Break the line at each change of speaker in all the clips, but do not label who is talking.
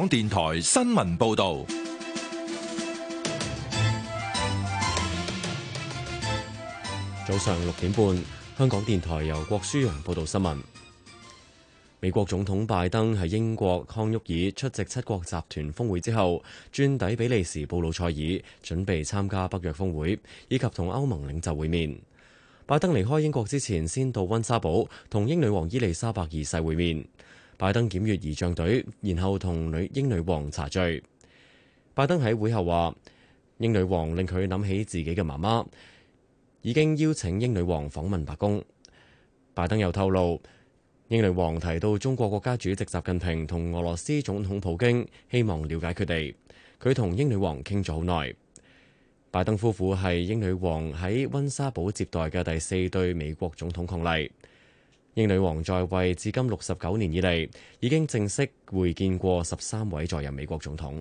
港電台新聞報道，
早上六點半，香港電台由郭舒揚報道新聞。美國總統拜登喺英國康沃爾出席七國集團峰會之後，轉抵比利時布魯塞爾，準備參加北約峰會以及同歐盟領袖會面。拜登離開英國之前，先到温莎堡同英女王伊麗莎白二世會面。拜登檢閱儀仗隊，然後同女英女王茶敘。拜登喺會後話：英女王令佢諗起自己嘅媽媽。已經邀請英女王訪問白宮。拜登又透露，英女王提到中國國家主席習近平同俄羅斯總統普京希望了解佢哋。佢同英女王傾咗好耐。拜登夫婦係英女王喺溫莎堡接待嘅第四對美國總統伉儷。英女王在位至今六十九年以嚟，已經正式會見過十三位在任美國總統。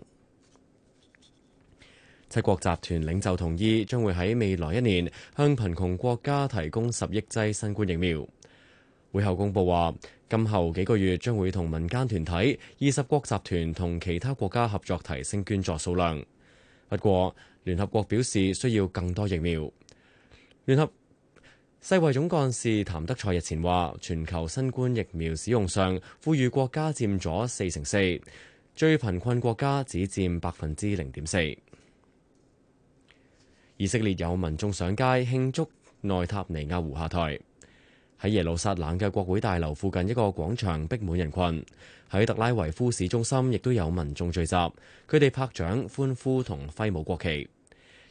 七國集團領袖同意將會喺未來一年向貧窮國家提供十億劑新冠疫苗。會後公布話，今後幾個月將會同民間團體、二十國集團同其他國家合作，提升捐助數量。不過，聯合國表示需要更多疫苗。聯合世衛總幹事譚德賽日前話，全球新冠疫苗使用上，富裕國家占咗四成四，最貧困國家只佔百分之零點四。以色列有民眾上街慶祝內塔尼亞胡下台。喺耶路撒冷嘅國會大樓附近一個廣場，逼滿人群。喺特拉維夫市中心亦都有民眾聚集，佢哋拍掌、歡呼同揮舞國旗。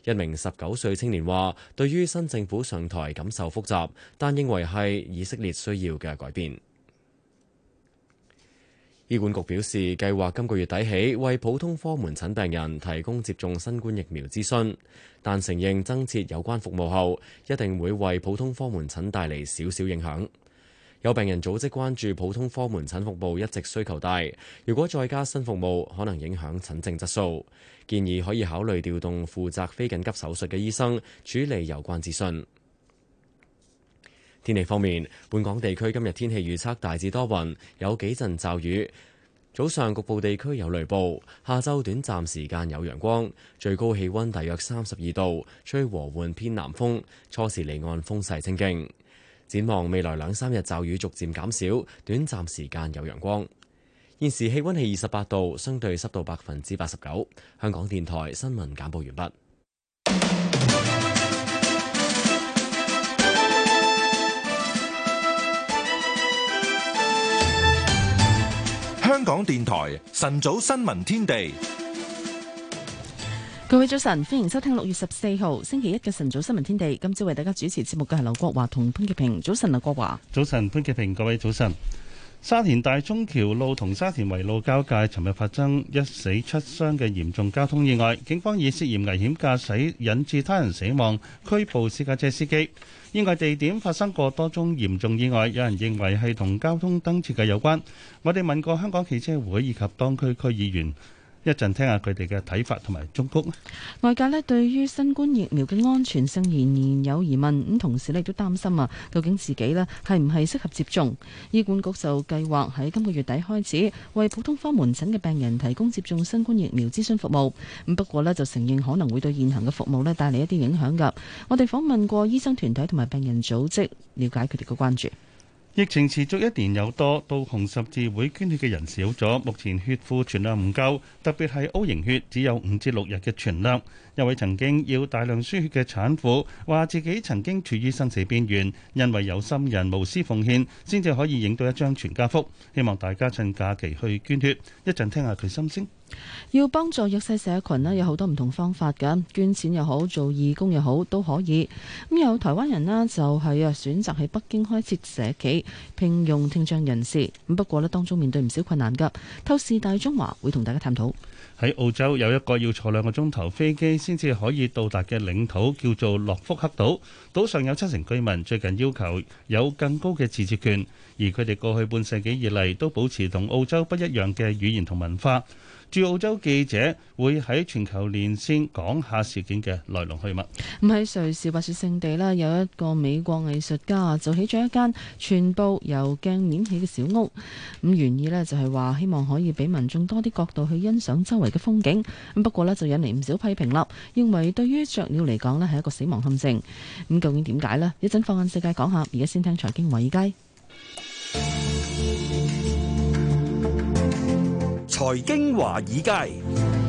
一名十九歲青年話，對於新政府上台感受複雜，但認為係以色列需要嘅改變。醫管局表示，計劃今個月底起為普通科門診病人提供接種新冠疫苗諮詢，但承認增設有關服務後，一定會為普通科門診帶嚟少少影響。有病人組織關注普通科門診服務一直需求大，如果再加新服務，可能影響診症質素。建議可以考慮調動負責非緊急手術嘅醫生，處理有關資訊。天氣方面，本港地區今日天氣預測大致多雲，有幾陣驟雨，早上局部地區有雷暴，下晝短暫時間有陽光，最高氣温大約三十二度，吹和緩偏南風，初時離岸風勢清勁。展望未來兩三日，驟雨逐漸減少，短暫時間有陽光。現時氣温係二十八度，相對濕度百分之八十九。香港電台新聞簡報完畢。
香港電台晨早新聞天地。
各位早
晨，歡迎收聽六月十四號星期一嘅晨早新聞天地。今朝為大家
主持節目嘅係
劉國華同潘潔平。早晨，劉國
華。早晨，潘潔平。各位早晨。沙田大中橋路同沙田圍路交界，尋日發生一死七傷嘅嚴重交通意外，警方以涉嫌危險駕駛引致他人死亡，拘捕私家車司機。因個地點發生過多宗嚴重意外，有人認為係同交通燈設計有關。我哋問過香港汽車會以及當區區議員。一陣聽下佢哋嘅睇法、同埋祝福。
外界咧，對於新冠疫苗嘅安全性仍然有疑問，咁同時咧，亦都擔心啊，究竟自己咧，係唔係適合接種？醫管局就計劃喺今個月底開始為普通科門診嘅病人提供接種新冠疫苗諮詢服務。咁不過咧，就承認可能會對現行嘅服務咧，帶嚟一啲影響噶。我哋訪問過醫生團體同埋病人組織，了解佢哋嘅關注。
疫情持續一年有多，到紅十字會捐血嘅人少咗，目前血庫存量唔夠，特別係 O 型血只有五至六日嘅存量。一位曾經要大量輸血嘅產婦話：自己曾經處於生死邊緣，因為有心人無私奉獻，先至可以影到一張全家福。希望大家趁假期去捐血。一陣聽下佢心聲。
要幫助弱勢社群，有好多唔同方法㗎，捐錢又好，做義工又好，都可以。咁有台灣人呢，就係啊選擇喺北京開設社企，聘用聽障人士。咁不過呢，當中面對唔少困難㗎。透視大中華會同大家探討。
喺澳洲有一個要坐兩個鐘頭飛機先至可以到達嘅領土，叫做諾福克島。島上有七成居民最近要求有更高嘅自治權，而佢哋過去半世紀以嚟都保持同澳洲不一樣嘅語言同文化。駐澳洲記者會喺全球連線講下事件嘅來龍去脈。
咁喺瑞士滑雪勝地呢，有一個美國藝術家就起咗一間全部由鏡面起嘅小屋。咁原意呢就係話希望可以俾民眾多啲角度去欣賞周圍嘅風景。咁不過呢，就引嚟唔少批評啦，認為對於雀鳥嚟講呢係一個死亡陷阱。咁究竟點解呢？一陣放眼世界講下，而家先聽財經米佳。
財經華爾街。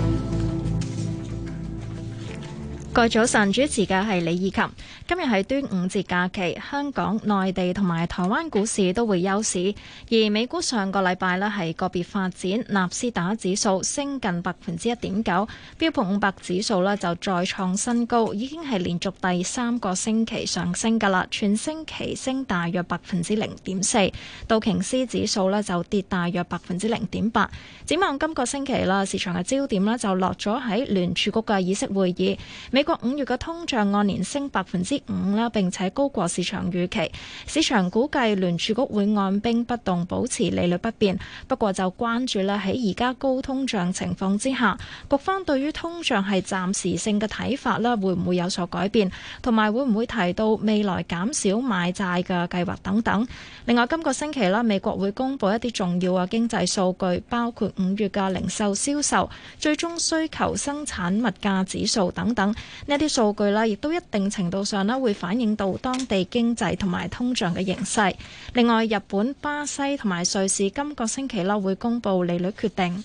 各位早晨，主持嘅係李以琴。今日係端午節假期，香港、內地同埋台灣股市都會休市。而美股上個禮拜咧係個別發展，納斯達克指數升近百分之一點九，標普五百指數咧就再創新高，已經係連續第三個星期上升噶啦，全星期升大約百分之零點四。道瓊斯指數咧就跌大約百分之零點八。展望今個星期啦，市場嘅焦點咧就落咗喺聯儲局嘅議息會議。美。美國五月嘅通脹按年升百分之五啦，並且高過市場預期。市場估計聯儲局會按兵不動，保持利率不變。不過就關注啦，喺而家高通脹情況之下，局方對於通脹係暫時性嘅睇法啦，會唔會有所改變？同埋會唔會提到未來減少買債嘅計劃等等？另外今個星期啦，美國會公布一啲重要嘅經濟數據，包括五月嘅零售銷售、最終需求、生產物價指數等等。呢啲數據啦，亦都一定程度上咧，會反映到當地經濟同埋通脹嘅形勢。另外，日本、巴西同埋瑞士今個星期啦，會公布利率決定。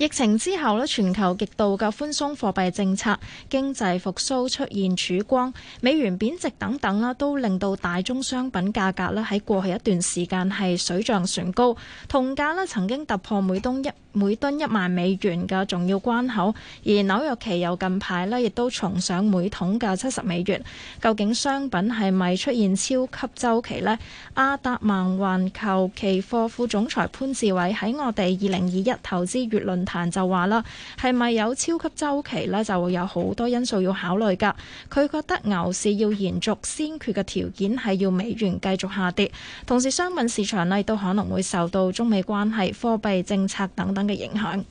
疫情之後全球極度嘅寬鬆貨幣政策，經濟復甦出現曙光，美元貶值等等啦，都令到大宗商品價格咧喺過去一段時間係水漲船高。銅價曾經突破每噸一每噸一萬美元嘅重要關口，而紐約期油近排咧亦都重上每桶嘅七十美元。究竟商品係咪出現超級周期呢？亞達曼環球期貨副，副總裁潘志偉喺我哋二零二一投資月論。談就話啦，係咪有超級周期呢？就會有好多因素要考慮㗎。佢覺得牛市要延續先決嘅條件係要美元繼續下跌，同時商品市場呢都可能會受到中美關係、貨幣政策等等嘅影響。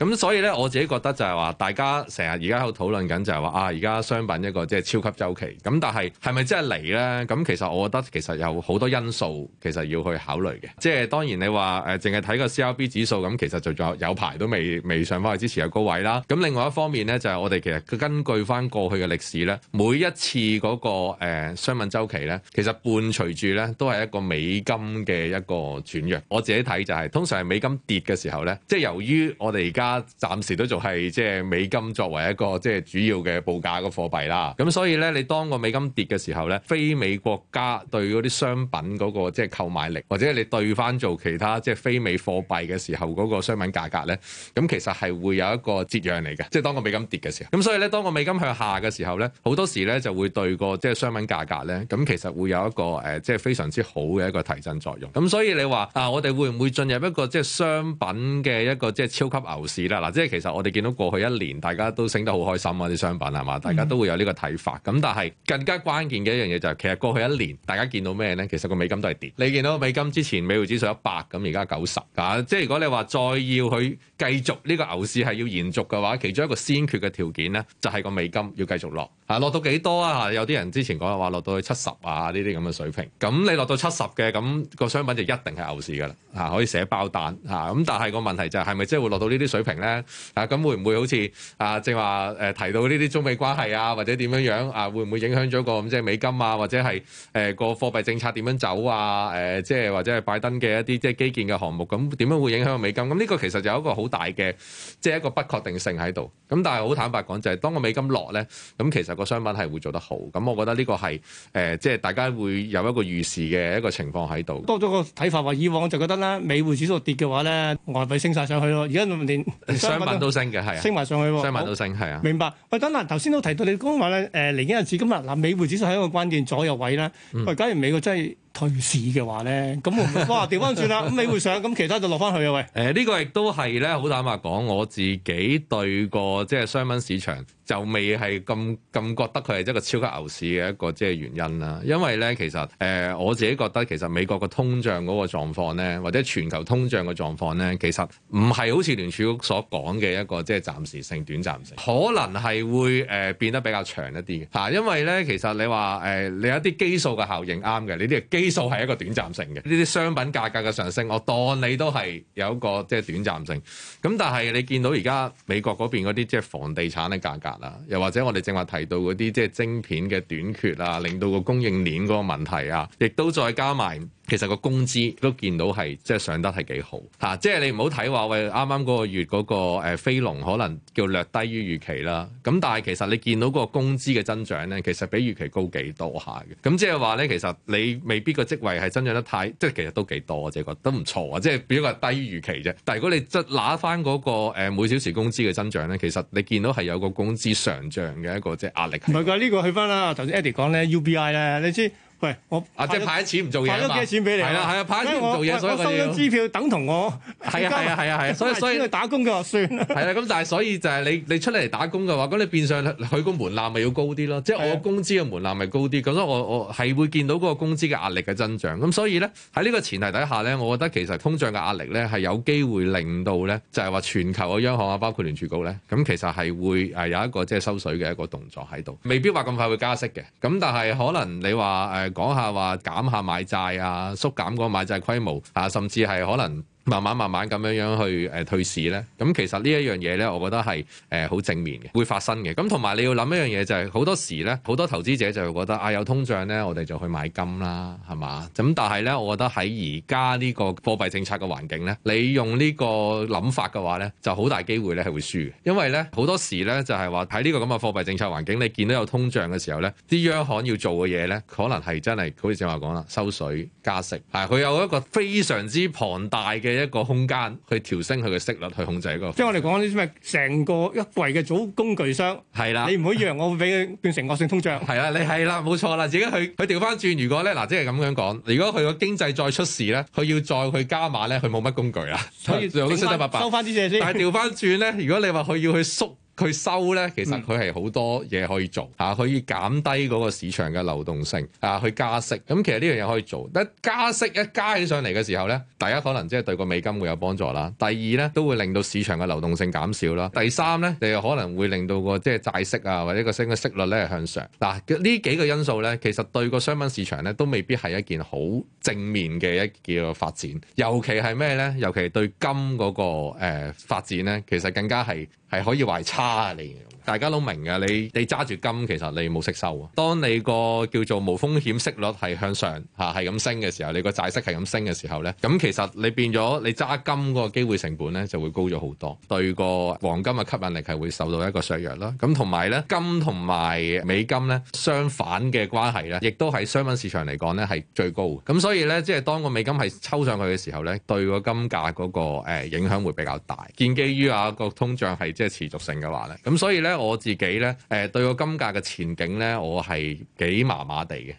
咁所以咧，我自己覺得就係話，大家成日而家喺度討論緊，就係話啊，而家商品一個即係超級周期。咁但係係咪真係嚟呢？咁其實我覺得其實有好多因素，其實要去考慮嘅。即係當然你話誒，淨係睇個 CRB 指數咁，其實就仲有排都未未上翻去之前嘅高位啦。咁另外一方面呢，就係我哋其實根據翻過去嘅歷史呢，每一次嗰個誒商品周期呢，其實伴隨住呢都係一個美金嘅一個轉弱。我自己睇就係通常係美金跌嘅時候呢，即係由於我哋而家。暫時都仲係即係美金作為一個即係主要嘅報價個貨幣啦。咁所以呢，你當個美金跌嘅時候呢，非美國家對嗰啲商品嗰個即係購買力，或者你對翻做其他即係非美貨幣嘅時候嗰個商品價格呢，咁其實係會有一個折讓嚟嘅。即係當個美金跌嘅時候，咁所以呢，當個美金向下嘅時候呢，好多時呢就會對個即係商品價格呢，咁其實會有一個誒即係非常之好嘅一個提振作用。咁所以你話啊，我哋會唔會進入一個即係商品嘅一個即係超級牛市？啦，嗱，即係其實我哋見到過去一年大家都升得好開心啊，啲商品係嘛，大家都會有呢個睇法。咁，嗯，但係更加關鍵嘅一樣嘢就係，其實過去一年大家見到咩呢？其實個美金都係跌。你見到美金之前，美匯指數一百，咁而家九十。即係如果你話再要去繼續呢個牛市係要延續嘅話，其中一個先決嘅條件呢，就係個美金要繼續落。落到幾多啊？有啲人之前講話落到去七十啊，呢啲咁嘅水平。咁你落到七十嘅，咁個商品就一定係牛市噶啦，嚇可以寫包單嚇。咁但係個問題就係，係咪即係會落到呢啲水平咧？啊咁會唔會好似啊正話提到呢啲中美關係啊，或者點樣樣啊，會唔會影響咗個咁即係美金啊，或者係誒個貨幣政策點樣走啊？即係或者係拜登嘅一啲即係基建嘅項目咁點樣會影響美金？咁呢個其實就有一個好大嘅即係一個不確定性喺度。咁但係好坦白講，就係當個美金落咧，咁其實那個商品係會做得好，咁我覺得呢個係誒，即、呃、係大家會有一個預示嘅一個情況喺度。
多咗個睇法話，以往就覺得咧，美匯指數跌嘅話咧，外幣升晒上去咯。而家連商品都，都升嘅，係、啊、升埋上去喎，升埋都升係啊。明白。喂，等嗱，頭先都提到你講話咧，誒、呃，嚟緊日子今日嗱，美匯指數喺一個關鍵左右位啦。喂、嗯，假如美國真係，退市嘅話咧，咁我哇調翻轉啦，咁你會上，咁其他就落翻去啊喂！
誒、呃、呢、呢個亦都係咧，好坦白講，我自己對個即係商品市場就未係咁咁覺得佢係一個超級牛市嘅一個即係原因啦。因為咧，其實誒、呃、我自己覺得其實美國通脹個通脹嗰個狀況咧，或者全球通脹嘅狀況咧，其實唔係好似聯儲局所講嘅一個即係暫時性、短暫性，可能係會誒、呃、變得比較長一啲嘅、啊、因為咧，其實你話誒、呃、你有一啲基數嘅效應啱嘅，你啲基基數係一個短暫性嘅，呢啲商品價格嘅上升，我當你都係有一個即係短暫性。咁但係你見到而家美國嗰邊嗰啲即係房地產嘅價格啊，又或者我哋正話提到嗰啲即係晶片嘅短缺啊，令到個供應鏈嗰個問題啊，亦都再加埋。其實個工資都見到係即係上得係幾好，啊，即係你唔好睇話喂，啱啱嗰個月嗰個飛龍可能叫略低於預期啦。咁但係其實你見到個工資嘅增長咧，其實比預期高幾多下嘅。咁即係話咧，其實你未必個職位係增長得太，即係其實都幾多即係覺得唔錯啊。即係比較低於預期啫。但係如果你即拿翻嗰個每小時工資嘅增長咧，其實你見到係有個工資上漲嘅一個即係壓力係。唔
係㗎，呢個去翻啦。頭先 Eddie 講咧 UBI 咧，你知。喂，我啊，即係派啲錢唔做嘢，派咗幾多錢俾你？係啦，係啊，派啲唔做嘢，所以我收張支票等同我係啊，係啊，係啊，係，所以所以打工嘅話算啦。係啦，
咁但係所以就係你你出嚟打工嘅話，咁你變相佢個門檻咪要高啲咯？即係我工資嘅門檻咪高啲，咁所以我我係會見到嗰個工資嘅壓力嘅增長。咁所以咧喺呢個前提底下咧，我覺得其實通脹嘅壓力咧係有機會令到咧就係、是、話全球嘅央行啊，包括聯儲局咧，咁其實係會誒有一個即係、就是、收水嘅一個動作喺度，未必話咁快會加息嘅。咁但係可能你話誒。呃講下話減下買債啊，縮減個買債規模啊，甚至係可能。慢慢慢慢咁樣樣去誒退市咧，咁其實呢一樣嘢咧我覺得係誒好正面嘅，會發生嘅。咁同埋你要諗一樣嘢就係，好多時咧，好多投資者就會覺得啊有通脹咧，我哋就去買金啦，係嘛？咁但係咧，我覺得喺而家呢個貨幣政策嘅環境咧，你用呢個諗法嘅話咧，就好大機會咧，係會輸嘅，因為咧，好多時咧，就係話喺呢個咁嘅貨幣政策環境，你見到有通脹嘅時候咧，啲央行要做嘅嘢咧，可能係真係好似正話講啦，收水加息，係佢有一個非常之龐大嘅。一個空間去調升佢嘅息率去控制個，即係我
哋講啲咩成個一櫃嘅組工具箱係啦，你唔好以為我會俾佢變成
惡性通脹，係啦，你係啦，冇錯啦，自己去佢調翻轉，如果咧嗱，即係咁樣講，如果佢個經濟再出事咧，佢要再去加碼咧，佢冇乜工具啦，所以、嗯、800，收翻收翻啲嘢先，但係調翻轉咧，如果你話佢要去縮。去收呢，其實佢係好多嘢可以做嚇，可以減低嗰個市場嘅流動性啊，去加息。咁、嗯、其實呢樣嘢可以做，一加息一加起上嚟嘅時候呢，第一可能即係對個美金會有幫助啦。第二呢，都會令到市場嘅流動性減少啦。第三呢，你又可能會令到、個即係債息啊，或者個升嘅息率呢向上。嗱、啊，呢幾個因素呢，其實對個商品市場呢都未必係一件好正面嘅一個發展。尤其係咩呢？尤其係對金嗰、嗰個發、呃、發展呢，其實更加係。係可以話係差嚟嘅。大家都明嘅，你你揸住金，其實你冇息收啊。當你個叫做無風險息率係向上嚇，係咁升嘅時候，你個債息係咁升嘅時候咧，咁其實你變咗你揸金個機會成本咧就會高咗好多，對個黃金嘅吸引力係會受到一個削弱啦。咁同埋咧，金同埋美金咧相反嘅關係咧，亦都喺商品市場嚟講咧係最高。咁所以咧，即係當個美金係抽上去嘅時候咧，對個金價嗰、那個、呃、影響會比較大。建基於啊個通脹係即係持續性嘅話咧，咁所以咧。即係我自己咧，誒，對個金價嘅前景咧，我係幾麻麻地
嘅。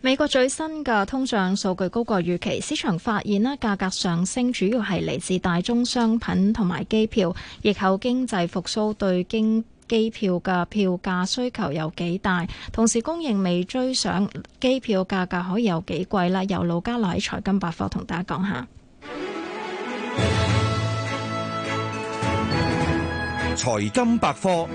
美國最新嘅通脹數據高過預期，市場發現啦，價格上升主要係嚟自大宗商品同埋機票。疫後經濟復蘇對經機票嘅票價需求有幾大，同時供應未追上，機票價格可以有幾貴啦。由老家奶財金百貨同大家講下。嗯
財金百科。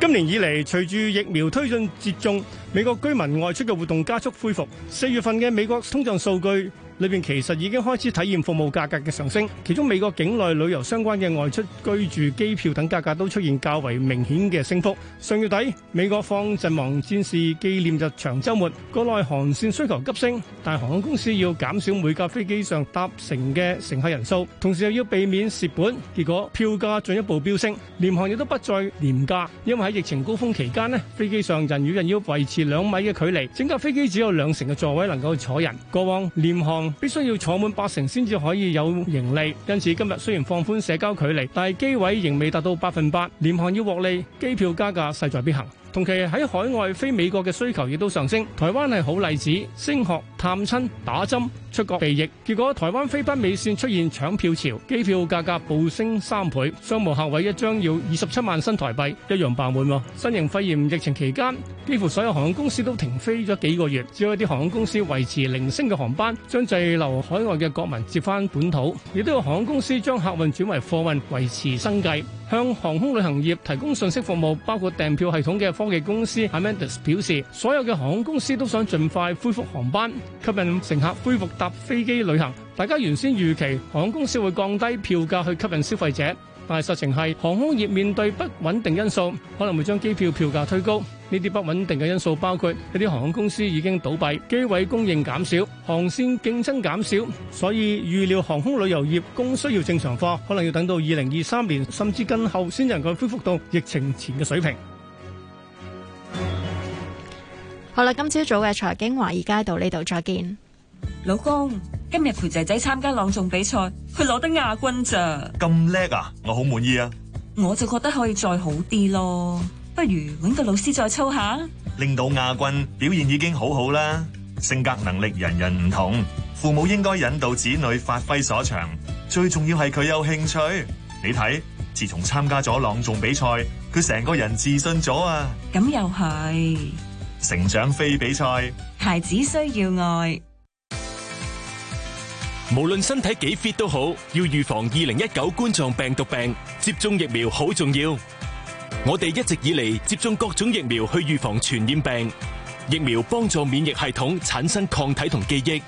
今年以嚟，隨住疫苗推進接種，美國居民外出嘅活動加速恢復。四月份嘅美國通脹數據，裏邊其實已經開始體驗服務價格嘅上升，其中美國境內旅遊相關嘅外出居住機票等價格都出現較為明顯嘅升幅。上月底美國放陣亡戰士紀念日長周末，國內航線需求急升，但係航空公司要減少每架飛機上搭乘嘅乘客人數，同時又要避免蝕本，結果票價進一步飆升，廉航亦都不再廉價，因為喺疫情高峰期間呢，飛機上人與人要維持兩米嘅距離，整架飛機只有兩成嘅座位能夠坐人，過往廉航必須要坐滿八成先至可以有盈利，因此今日雖然放寬社交距離，但係機位仍未達到百分百，廉航要獲利，機票加價勢在必行。同期喺海外非美國嘅需求亦都上升，台灣係好例子，升學、探親、打針、出國避疫，結果台灣飛北美線出現搶票潮，機票價格暴升三倍，商務客位一張要二十七萬新台幣，一樣爆滿，新型肺炎疫情期間幾乎所有航空公司都停飛咗幾個月，只有一啲航空公司維持零星嘅航班，將滯留海外嘅國民接翻本土，亦都有航空公司將客運轉為貨運維持生計，向航空旅行業提供信息服務，包括訂票系統嘅。科技公司 Amadeus 表示，所有嘅航空公司都想盡快恢復航班，吸引乘客恢復搭飛機旅行。大家原先預期航空公司會降低票價去吸引消費者，但係實情係航空業面對不穩定因素，可能會將機票票價推高。呢啲不穩定嘅因素包括一啲航空公司已經倒閉、機位供應減少、航線競爭減少，所以預料航空旅遊業供需要正常化，可能要等到二零二三年甚至更後先能夠恢復到疫情前嘅水平。
好啦，今朝早嘅財經華爾街到呢度再見。老公，今日陪仔仔參加朗誦比賽，佢攞得亞軍咋？
咁叻啊！我好滿意啊！
我就覺得可以再好啲囉，不如搵個老師再操下。
令到亞軍表現已經好好啦。性格能力人人唔同，父母應該引導子女發揮所長。最重要係佢有興趣。你睇，自從參加咗朗誦比賽，佢成個人自信咗啊！
咁又係。
成長非比賽，
孩子需要愛。
無論身體幾 fit 都好，要預防二零一九冠狀病毒病，接種疫苗好重要。我哋一直以嚟接種各種疫苗去預防傳染病，疫苗幫助免疫系統產生抗體同記憶，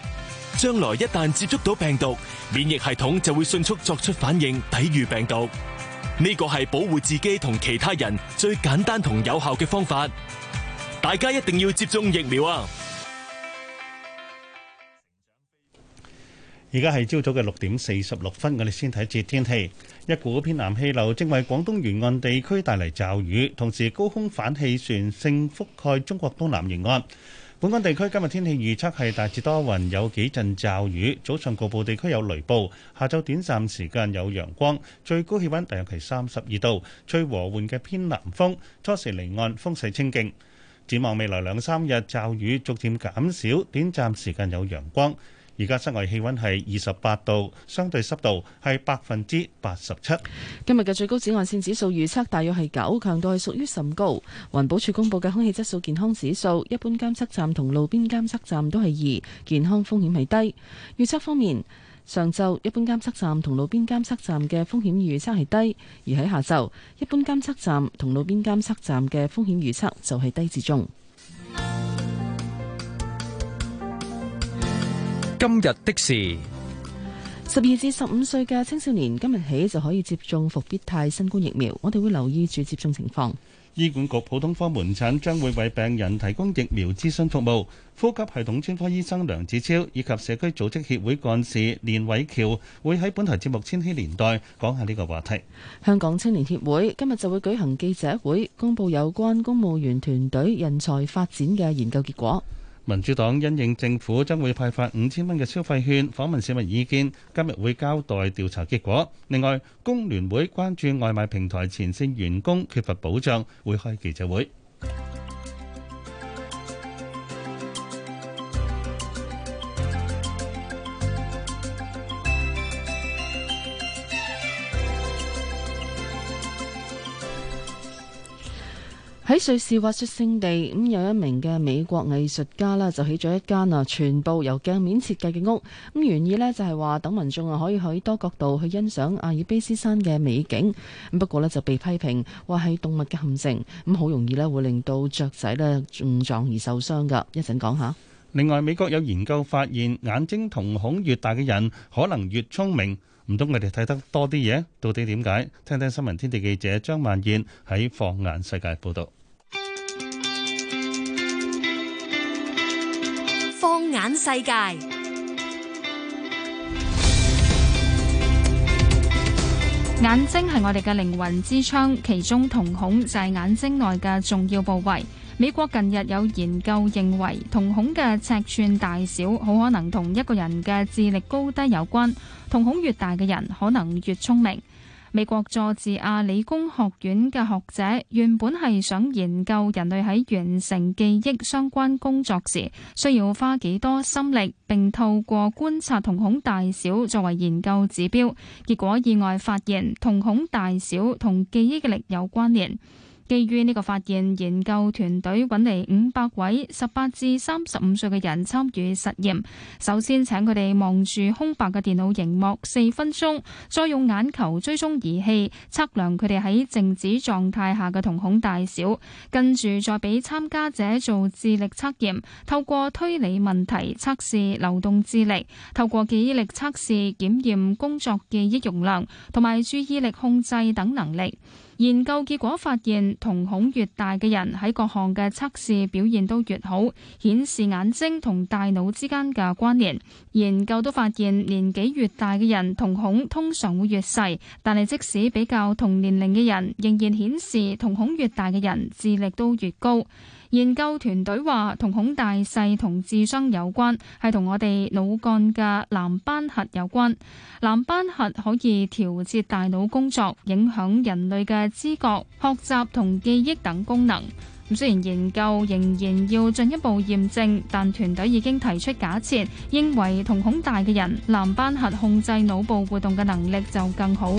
將來一旦接觸到病毒，免疫系統就會迅速作出反應抵禦病毒。呢個係保護自己同其他人
最簡單同有效嘅方法。大家一定要接種疫苗啊！
而家係朝早嘅六點四十六分，我哋先睇一節天氣。一股偏南氣流正為廣東沿岸地區帶嚟驟雨，同時高空反氣旋正覆蓋中國東南沿岸。本港地區今日天氣預測係大致多雲，有幾陣驟雨，早上局部地區有雷暴，下晝短暫時間有陽光，最高氣温大約係三十二度。吹和緩嘅偏南風初時離岸，風勢清勁。展望未來兩三日，驟雨逐漸減少，短暫時間有陽光。而家室外氣溫係二十八度，相對濕度係百分之八十七。
今日嘅最高紫外線指數預測大約係九，強度係屬於甚高。環保署公佈嘅空氣質素健康指數，一般監測站同路邊監測站都係二，健康風險係低。預測方面。上晝一般監測站同路邊監測站嘅風險預測係低，而喺下晝一般監測站同路邊監測站嘅風險預測就係低至中。
今日的事，
十二至十五歲嘅青少年今日起就可以接種復必泰新冠疫苗，我哋會留意住接種情況。
醫管局普通科門診將會為病人提供疫苗諮詢服務。呼吸系統專科醫生梁子超以及社區組織協會幹事連偉喬會喺本台節目《千禧年代》講下呢個話題。
香港青年協會今日就會舉行記者會，公布有關公務員團隊人才發展嘅研究結果。
民主黨因應政府將會派發五千蚊嘅消費券，訪問市民意見，今日會交代調查結果。另外，工聯會關注外賣平台前線員工缺乏保障，會開記者會。
喺瑞士滑雪勝地咁，有一名嘅美國藝術家啦，就起咗一間啊，全部由鏡面設計嘅屋。咁原意咧就係話等民眾啊可以喺多角度去欣賞阿爾卑斯山嘅美景。不過咧就被批評話係動物嘅陷阱，咁好容易咧會令到雀仔咧誤撞而受傷噶。一陣講下。
另外，美國有研究發現，眼睛瞳孔越大嘅人可能越聰明，唔通佢哋睇得多啲嘢？到底點解？聽聽新聞天地記者張萬燕喺放眼世界報道。
眼世界，
眼睛係我哋嘅靈魂之窗，其中瞳孔就係眼睛內嘅重要部位。美國近日有研究認為，瞳孔嘅尺寸大小，好可能同一個人嘅智力高低有關。瞳孔越大嘅人，可能越聰明。美國佐治亞理工學院嘅學者原本係想研究人類喺完成記憶相關工作時需要花幾多心力，並透過觀察瞳孔大小作為研究指標。結果意外發現瞳孔大小同記憶力有關聯。基於呢個發現，研究團隊揾嚟五百位十八至三十五歲嘅人參與實驗。首先，請佢哋望住空白嘅電腦熒幕四分鐘，再用眼球追蹤儀器測量佢哋喺靜止狀態下嘅瞳孔大小，跟住再俾參加者做智力測驗，透過推理問題測試流動智力，透過記憶力測試檢驗工作記憶容量同埋注意力控制等能力。研究結果發現，瞳孔越大嘅人喺各項嘅測試表現都越好，顯示眼睛同大腦之間嘅關聯。研究都發現，年紀越大嘅人瞳孔通常會越細，但係即使比較同年齡嘅人，仍然顯示瞳孔越大嘅人智力都越高。研究團隊話，瞳孔大細同智商有關，係同我哋腦幹嘅藍斑核有關。藍斑核可以調節大腦工作，影響人類嘅知覺、學習同記憶等功能。咁雖然研究仍然要進一步驗證，但團隊已經提出假設，認為瞳孔大嘅人，藍斑核控制腦部活動嘅能力就更好。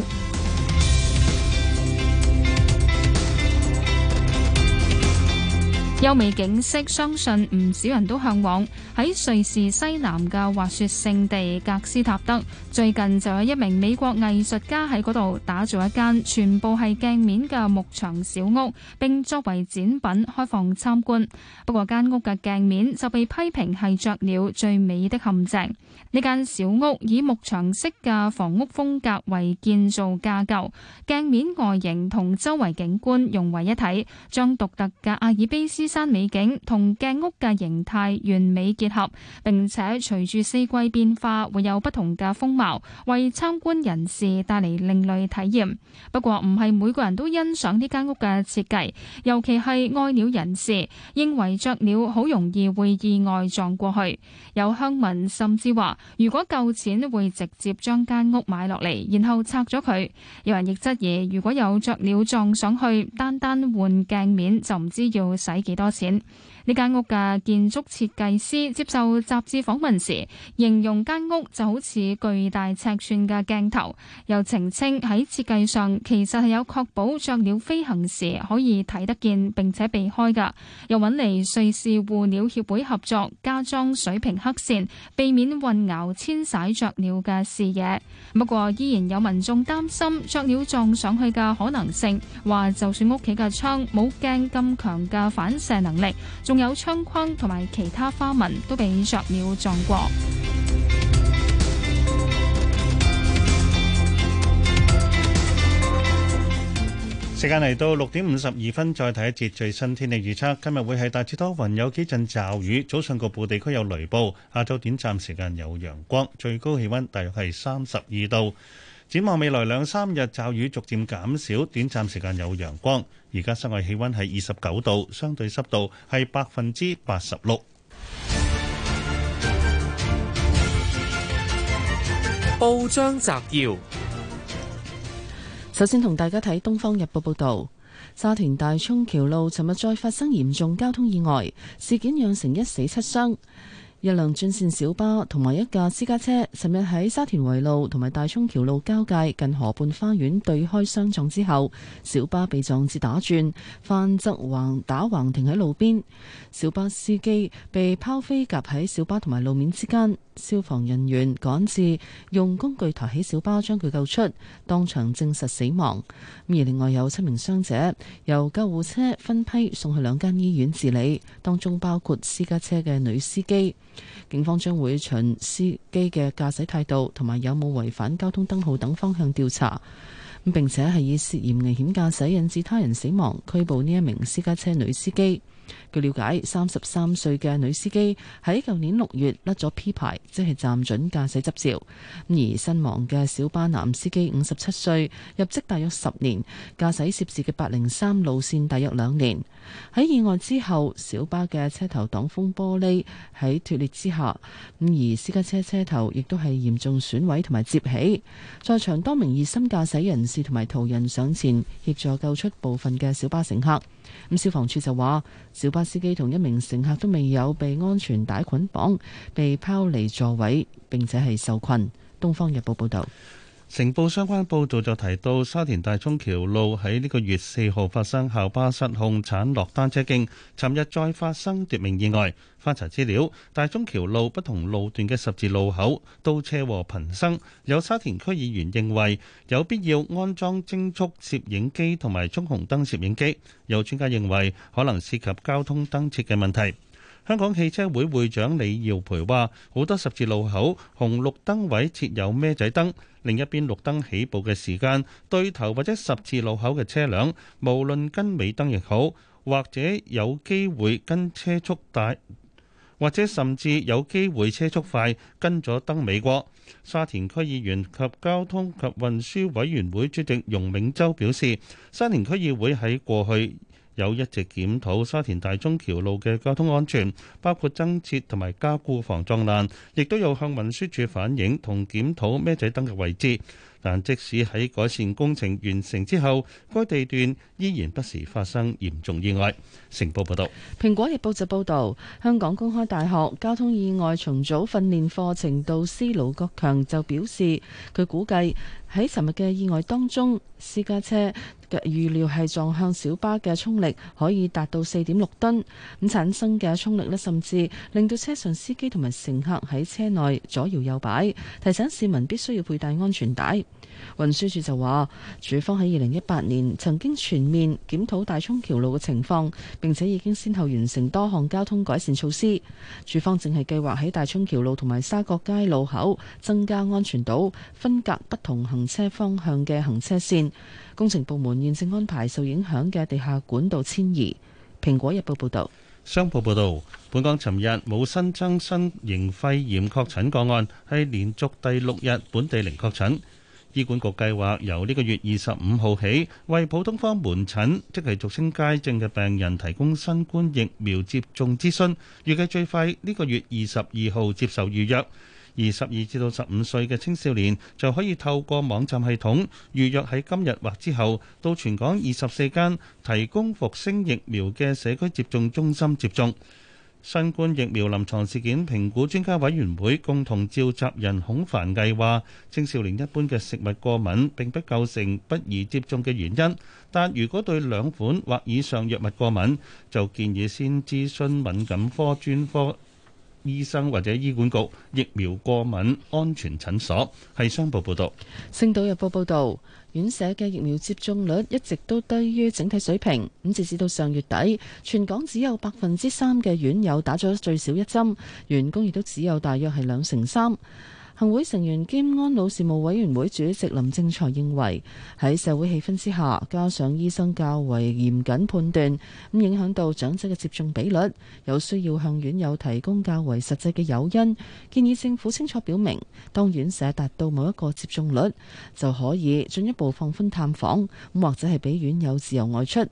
優美景色，相信唔少人都嚮往。喺瑞士西南嘅滑雪勝地格斯塔德，最近就有一名美國藝術家喺嗰度打造一間全部係鏡面嘅牧場小屋，並作為展品開放參觀。不過間屋嘅鏡面就被批評係雀鳥最美嘅陷阱。呢間小屋以牧場式嘅房屋風格為建造架構，鏡面外形同周圍景觀融為一體，將獨特嘅阿爾卑斯山美景同鏡屋嘅形態完美結合。並且隨住四季變化，會有不同嘅風貌，為參觀人士帶嚟另類體驗。不過，唔係每個人都欣賞呢間屋嘅設計，尤其係愛鳥人士認為雀鳥好容易會意外撞過去。有鄉民甚至話，如果夠錢，會直接將間屋買落嚟，然後拆咗佢。有人亦質疑，如果有雀鳥撞上去，單單換鏡面就唔知要使幾多錢。呢間屋嘅建築設計師接受雜誌訪問時，形容間屋就好似巨大尺寸嘅鏡頭，又澄清喺設計上其實係有確保雀鳥飛行時可以睇得見並且避開㗎，又揾嚟瑞士護鳥協會合作加裝水平黑線，避免混淆遷徙雀鳥嘅視野。不過依然有民眾擔心雀鳥撞上去嘅可能性，話就算屋企嘅窗冇鏡咁強嘅反射能力。仲有窗框同埋其他花紋都被雀鳥撞過。
時間嚟到六點五十二分，再睇一節最新天氣預測。今日會係大致多雲，有幾陣驟雨，早上局部地區有雷暴，下晝短暫時間有陽光，最高氣温大約係三十二度。展望未來兩三日，驟雨逐漸減少，短暫時間有陽光。而家室外氣溫係二十九度，相對濕度係百分之八十六。報章摘要：
首先同大家睇《東方日報》報導，沙田大涌橋路尋日再發生嚴重交通意外，事件釀成一死七傷。一輛專線小巴同埋一架私家車，尋日喺沙田圍路同埋大涌橋路交界近河畔花園對開相撞之後，小巴被撞至打轉，翻側橫打橫停喺路邊。小巴司機被拋飛夾喺小巴同埋路面之間，消防人員趕至用工具抬起小巴，將佢救出，當場證實死亡。而另外有七名傷者由救護車分批送去兩間醫院治理，當中包括私家車嘅女司機。警方將會循司機嘅駕駛態度，同埋有冇違反交通燈號等方向調查，並且係以涉嫌危險駕駛引致他人死亡，拘捕呢一名私家車女司機。據了解，三十三歲嘅女司機喺舊年六月甩咗 P 牌，即係暫准駕駛執照。而身亡嘅小巴男司機五十七歲，入職大約十年，駕駛涉事嘅八零三路線大約兩年。喺意外之後，小巴嘅車頭擋風玻璃喺脫裂之下，咁而私家車車頭亦都係嚴重損毀同埋折起。在場多名熱心駕駛人士同埋途人上前協助救出部分嘅小巴乘客。咁消防處就話，小巴司機同一名乘客都未有被安全帶捆綁，被拋離座位，並且係受困。東方日報報道。
成報相關報導就提到沙田大涌橋路喺呢個月4香港汽車會會長李耀培話：好多十字路口紅綠燈位設有咩仔燈，另一邊綠燈起步嘅時間對頭或者十字路口嘅車輛，無論跟尾燈亦好，或者有機會跟車速大，或者甚至有機會車速快跟咗燈尾過。沙田區議員及交通及運輸委員會主席容永洲表示，沙田區議會喺過去有一直檢討沙田大中橋路嘅交通安全，包括增設同埋加固防撞欄，亦都有向運輸處反映同檢討咩仔燈嘅位置。但即使喺改善工程完成之後，該地段依然不時發生嚴重意外。成報報道，
蘋果日報就報道，香港公開大學交通意外重組訓練課程導師盧國強就表示，佢估計喺尋日嘅意外當中，私家車嘅預料係撞向小巴嘅衝力可以達到四點六噸，咁產生嘅衝力咧，甚至令到車上司機同埋乘客喺車內左搖右擺，提醒市民必須要佩戴安全帶。運輸署就話，署方喺二零一八年曾經全面檢討大涌橋路嘅情況，並且已經先後完成多項交通改善措施。署方正係計劃喺大涌橋路同埋沙角街路口增加安全島，分隔不同行車方向嘅行車線。工程部門現正安排受影響嘅地下管道遷
移。蘋果日報報道，商報報道，本港尋日冇新增新型肺炎確診個案，係連續第六日本地零確診。醫管局計劃由呢個月二十五號起，為普通科門診，即係俗稱街症嘅病人提供新冠疫苗接種諮詢，預計最快呢個月二十二號接受預約。而十二至到十五歲嘅青少年就可以透過網站系統預約喺今日或之後，到全港二十四間提供復星疫苗嘅社區接種中心接種。新冠疫苗臨床事件評估專家委員會共同召集人孔凡毅話，青少年一般嘅食物過敏並不構成不宜接種嘅原因，但如果對兩款或以上藥物過敏，就建議先諮詢敏感科專科醫生或者醫管局疫苗過敏安全診所。係商報報道，星島日
報報道。院舍嘅疫苗接種率一直都低於整體水平，咁直至到上月底，全港只有百分之三嘅院友打咗最少一針，員工亦都只有大約係兩成三。行會成員兼安老事務委員會主席林正財認為，喺社會氣氛之下，加上醫生較為嚴謹判斷，咁影響到長者嘅接種比率，有需要向院友提供較為實際嘅誘因，建議政府清楚表明，當院舍達到某一個接種率，就可以進一步放寬探訪，咁或者係俾院友自由外出。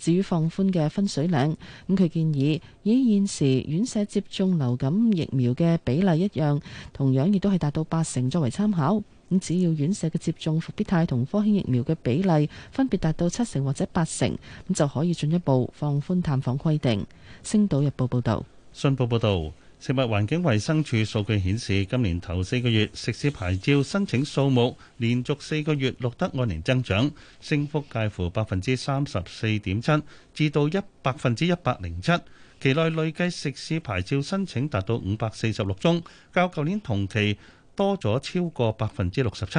至於放寬嘅分水嶺，咁佢建議以現時院舍接種流感疫苗嘅比例一樣，同樣亦都係達到八成作為參考。咁只要院舍嘅接種復必泰同科興疫苗嘅比例分別達到七成或者八成，咁就可以進一步放寬探訪規定。星島日報報道。
信報報道。食物環境衞生署數據顯示，今年頭四個月食肆牌照申請數目連續四個月錄得按年增長，升幅介乎百分之三十四點七至到百分之一百零七，期內累計食肆牌照申請達到五百四十六宗，較舊年同期多咗超過百分之六十七。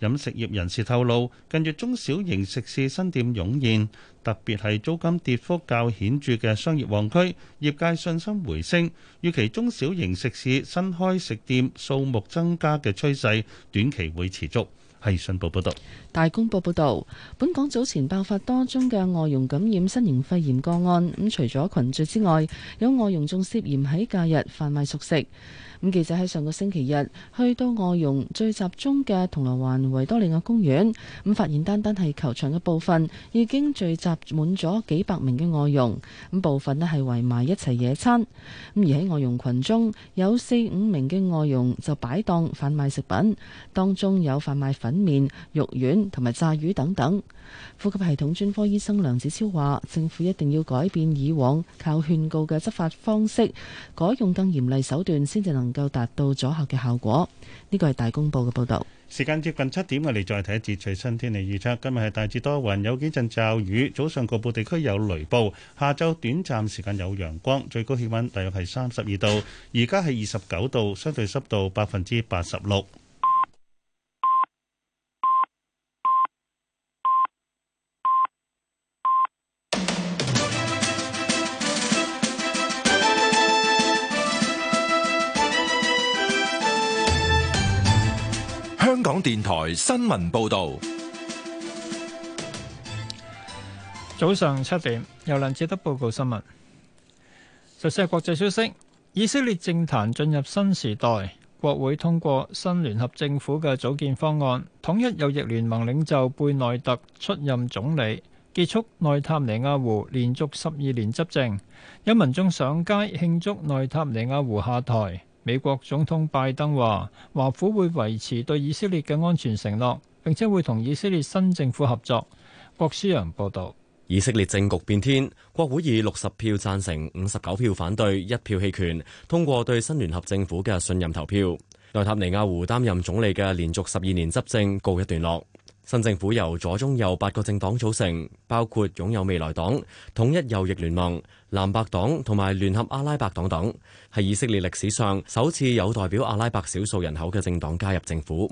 飲食業人士透露，近月中小型食肆新店湧現，特別係租金跌幅較顯著嘅商業旺區，業界信心回升，預期中小型食肆新開食店數目增加嘅趨勢短期會持續。係信報報導。
大公報報導，本港早前爆發多宗嘅外佣感染新型肺炎個案，咁除咗群聚之外，有外佣仲涉嫌喺假日販賣熟食。咁記者喺上個星期日去到外傭最集中嘅銅鑼灣維多利亞公園，咁發現單單係球場嘅部分已經聚集滿咗幾百名嘅外傭，咁部分咧係圍埋一齊野餐，咁而喺外傭群中有四五名嘅外傭就擺檔販賣食品，當中有販賣粉麵、肉丸同埋炸魚等等。呼吸系統專科醫生梁子超話：政府一定要改變以往靠勸告嘅執法方式，改用更嚴厲手段先至能能夠達到阻嚇嘅效果，呢個係大公報嘅報道。
時間接近七點，我哋再睇一節最新天氣預測。今日係大致多雲，有幾陣驟雨，早上局部地區有雷暴，下晝短暫時間有陽光，最高氣溫大約係三十二度。而家係二十九度，相對濕度百分之八十六。
香港電台新聞報道，
早上七點，由梁志德報告新聞。十四日國際消息：以色列政壇進入新時代，國會通過新聯合政府嘅組建方案，統一右翼聯盟領袖貝內特出任總理，結束內塔尼亞胡連續十二年執政。有民眾上街慶祝內塔尼亞胡下台。美國總統拜登話，華府會維持對以色列嘅安全承諾，並且會同以色列新政府合作。郭書陽報道，
以色列政局變天，國會以六十票贊成、五十九票反對、一票棄權，通過對新聯合政府嘅信任投票。內塔尼亞胡擔任總理嘅連續十二年執政告一段落。新政府由左、中、右八個政黨組成，包括擁有未來黨、統一右翼聯盟、藍白黨同埋聯合阿拉伯黨等，係以色列歷史上首次有代表阿拉伯少數人口嘅政黨加入政府。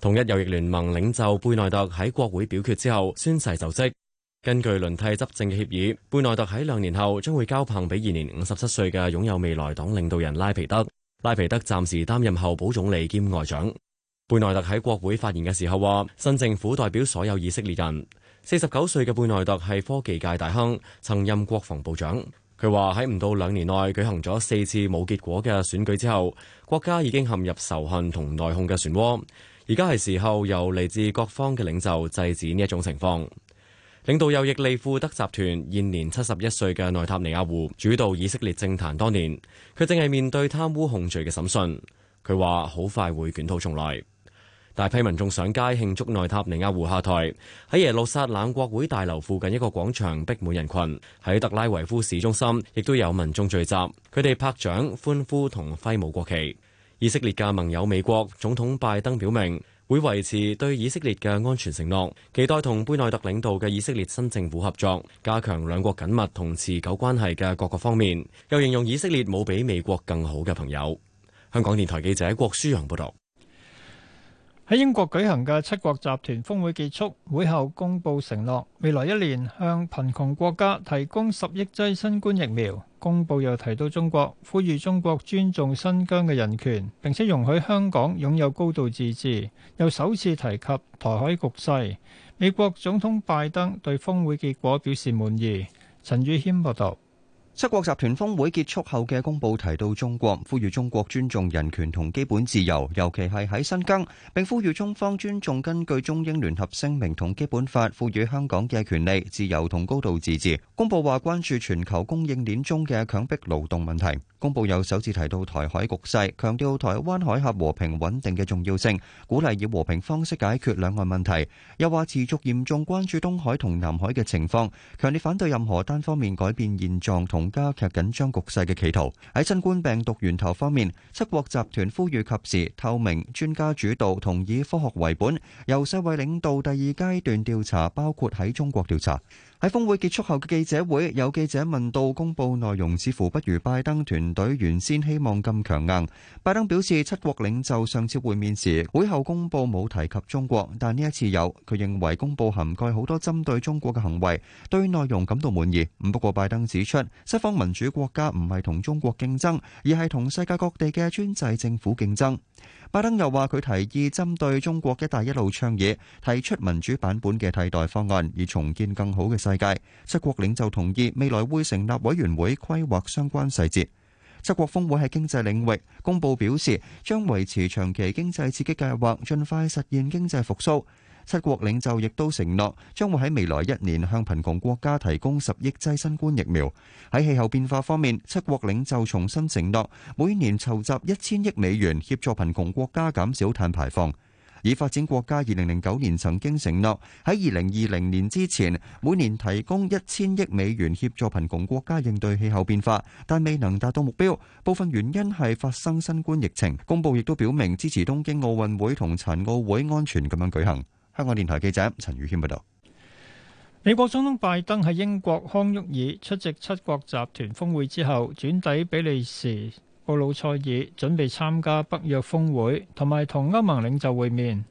統一右翼聯盟領袖貝內特喺國會表決之後宣誓就職。根據輪替執政嘅協議，貝內特喺兩年後將會交棒俾現年五十七歲嘅擁有未來黨領導人拉皮德。拉皮德暫時擔任候補總理兼外長。貝內特喺國會發言嘅時候話，新政府代表所有以色列人。四十九歲嘅貝內特係科技界大亨，曾任國防部長。佢話喺唔到兩年內舉行咗四次冇結果嘅選舉之後，國家已經陷入仇恨同內訌嘅漩渦。而家係時候由嚟自各方嘅領袖制止呢一種情況。領導右翼利庫德集團現年七十一歲嘅內塔尼亞胡主導以色列政壇多年，佢正係面對貪污控罪嘅審訊。佢話好快會捲土重來。大批民眾上街慶祝內塔尼亞胡下台，喺耶路撒冷國會大樓附近一個廣場，逼滿人群。喺特拉維夫市中心，亦都有民眾聚集，佢哋拍掌、歡呼同揮舞國旗。以色列嘅盟友美國總統拜登表明，會維持對以色列嘅安全承諾，期待同貝內特領導嘅以色列新政府合作，加強兩國緊密同持久關係嘅各個方面。又形容以色列冇比美國更好嘅朋友。香港電台記者郭舒揚報道。
喺英國舉行嘅七國集團峰會結束，會後公布承諾，未來一年向貧窮國家提供十億劑新冠疫苗。公佈又提到中國，呼籲中國尊重新疆嘅人權，並且容許香港擁有高度自治。又首次提及台海局勢。美國總統拜登對峰會結果表示滿意。陳
宇謙報道。七國集團峰會結束後嘅公報提到中國，呼籲中國尊重人權同基本自由，尤其係喺新疆，並呼籲中方尊重根據中英聯合聲明同基本法賦予香港嘅權利、自由同高度自治。公報話關注全球供應鏈中嘅強迫勞動問題。公報又首次提到台海局勢，強調台灣海峽和平穩定嘅重要性，鼓勵以和平方式解決兩岸問題。又話持續嚴重關注東海同南海嘅情況，強烈反對任何單方面改變現狀同加劇緊張局勢嘅企圖。喺新冠病毒源頭方面，七國集團呼籲及時、透明、專家主導同以科學為本，由世衛領導第二階段調查，包括喺中國調查。喺峰會結束後嘅記者會，有記者問到公布內容似乎不如拜登團隊原先希望咁強硬。拜登表示，七國領袖上次會面時，會後公布冇提及中國，但呢一次有。佢認為公布涵蓋好多針對中國嘅行為，對內容感到滿意。不過拜登指出，西方民主國家唔係同中國競爭，而係同世界各地嘅專制政府競爭。拜登又話佢提議針對中國一帶一路倡議，提出民主版本嘅替代方案，以重建更好嘅世界。七國領袖同意未來會成立委員會規劃相關細節。七國峯會喺經濟領域公佈表示，將維持長期經濟刺激計劃，盡快實現經濟復甦。七國領袖亦都承諾，將會喺未來一年向貧窮國家提供十億劑新冠疫苗。喺氣候變化方面，七國領袖重新承諾每年籌集一千億美元協助貧窮國家減少碳排放。已發展國家二零零九年曾經承諾喺二零二零年之前每年提供一千億美元協助貧窮國家應對氣候變化，但未能達到目標。部分原因係發生新冠疫情。公報亦都表明支持東京奧運會同殘奧會安全咁樣舉行。香港電台記者陳宇謙報道：
美國總統拜登喺英國康沃爾出席七國集團峰會之後，轉抵比利時布魯塞爾，準備參加北約峰會，同埋同歐盟領袖會面。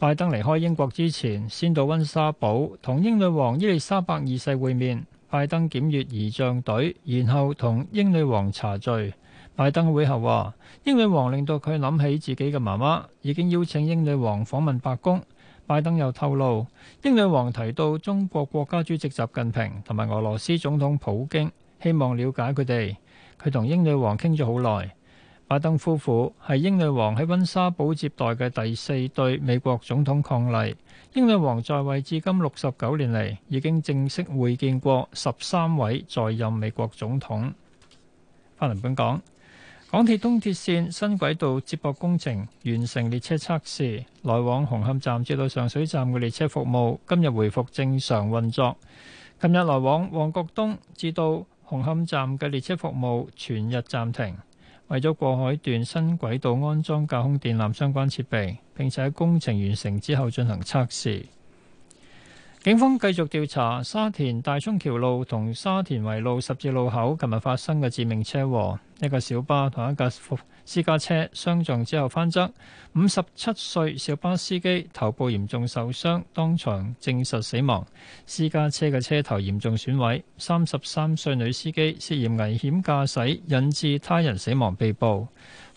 拜登離開英國之前，先到溫莎堡同英女王伊利沙伯二世會面。拜登檢閱儀仗隊，然後同英女王茶敘。拜登會後話，英女王令到佢諗起自己嘅媽媽。已經邀請英女王訪問白宮。拜登又透露，英女王提到中國國家主席習近平同埋俄羅斯總統普京，希望了解佢哋。佢同英女王傾咗好耐。拜登夫婦係英女王喺溫莎堡接待嘅第四對美國總統伉儷。英女王在位至今六十九年嚟，已經正式會見過十三位在任美國總統，翻嚟本港。港鐵東鐵線新軌道接駁工程完成列車測試，來往紅磡站至到上水站嘅列車服務今日回復正常運作。琴日來往旺角東至到紅磡站嘅列車服務全日暫停，為咗過海段新軌道安裝架空電纜相關設備，並且喺工程完成之後進行測試。警方繼續調查沙田大涌橋路同沙田圍路十字路口琴日發生嘅致命車禍，一個小巴同一架私家車相撞之後翻側，五十七歲小巴司機頭部嚴重受傷，當場證實死亡；私家車嘅車頭嚴重損毀，三十三歲女司機涉嫌危險駕駛，引致他人死亡，被捕。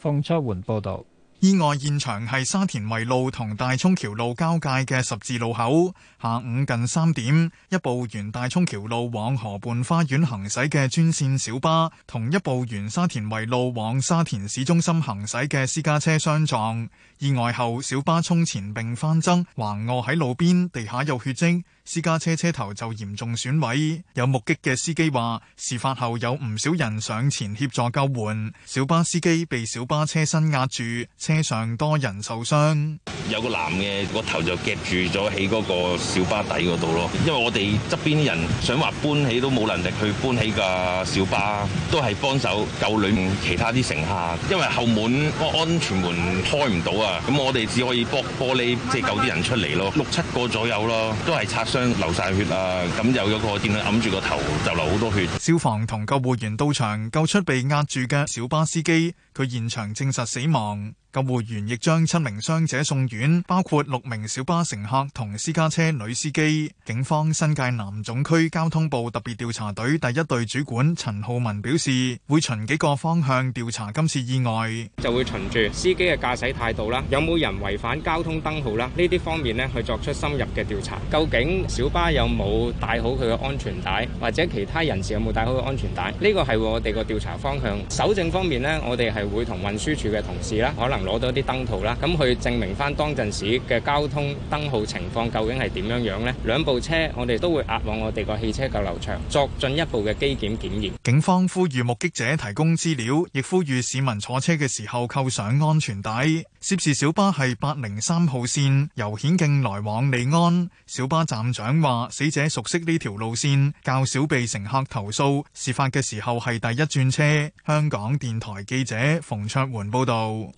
馮卓桓報導。意外現場係沙田圍路同大涌橋路交界嘅
十字路口。下午近三點，一部沿大涌橋路往河畔花園行駛嘅專線小巴，同一部沿沙田圍路往沙田市中心行駛嘅私家車相撞。意外後，小巴衝前並翻側，橫臥喺路邊，地下有血跡。私家車車頭就嚴重損毀，有目擊嘅司機話，事發後有唔少人上前協助救援。小巴司機被小巴車身壓住，車上多人受傷。
有個男嘅個頭就夾住咗喺嗰個小巴底嗰度咯，因為我哋側邊啲人想話搬起都冇能力去搬起架小巴，都係幫手救裏面其他啲乘客，因為後門個安全門開唔到啊，咁我哋只可以剝玻璃，即係救啲人出嚟咯，六七個左右咯，都係擦傷。流晒血啊！咁有嗰個電腦揞住個頭就流好多
血。
消防同救護員到場救出被壓住嘅小巴司機，佢現場證實死亡。救護員亦將七名傷者送院，包括六名小巴乘客同私家車女司機。警方新界南總區交通部特別調查隊第一隊主管陳浩文表示，會循幾個方向調查今次意外，
就會循住司機嘅駕駛態度啦，有冇人違反交通燈號啦，呢啲方面呢去作出深入嘅調查。究竟小巴有冇帶好佢嘅安全帶，或者其他人士有冇帶好佢安全帶？呢個係我哋個調查方向。搜證方面呢，我哋係會同運輸處嘅同事啦，可能。攞到啲燈圖啦，咁去證明翻當陣時嘅交通燈號情況究竟係點樣樣呢？兩部車，我哋都會押往我哋個汽車嘅流場作進一步
嘅機檢檢驗。警方呼籲目擊者提供資料，亦呼籲市民坐車嘅時候扣上安全帶。涉事小巴係八零三號線，由顯徑來往利安。小巴站長話：死者熟悉呢條路線，較少被乘客投訴。事發嘅時候係第一轉車。香港電台記者馮卓桓報
道。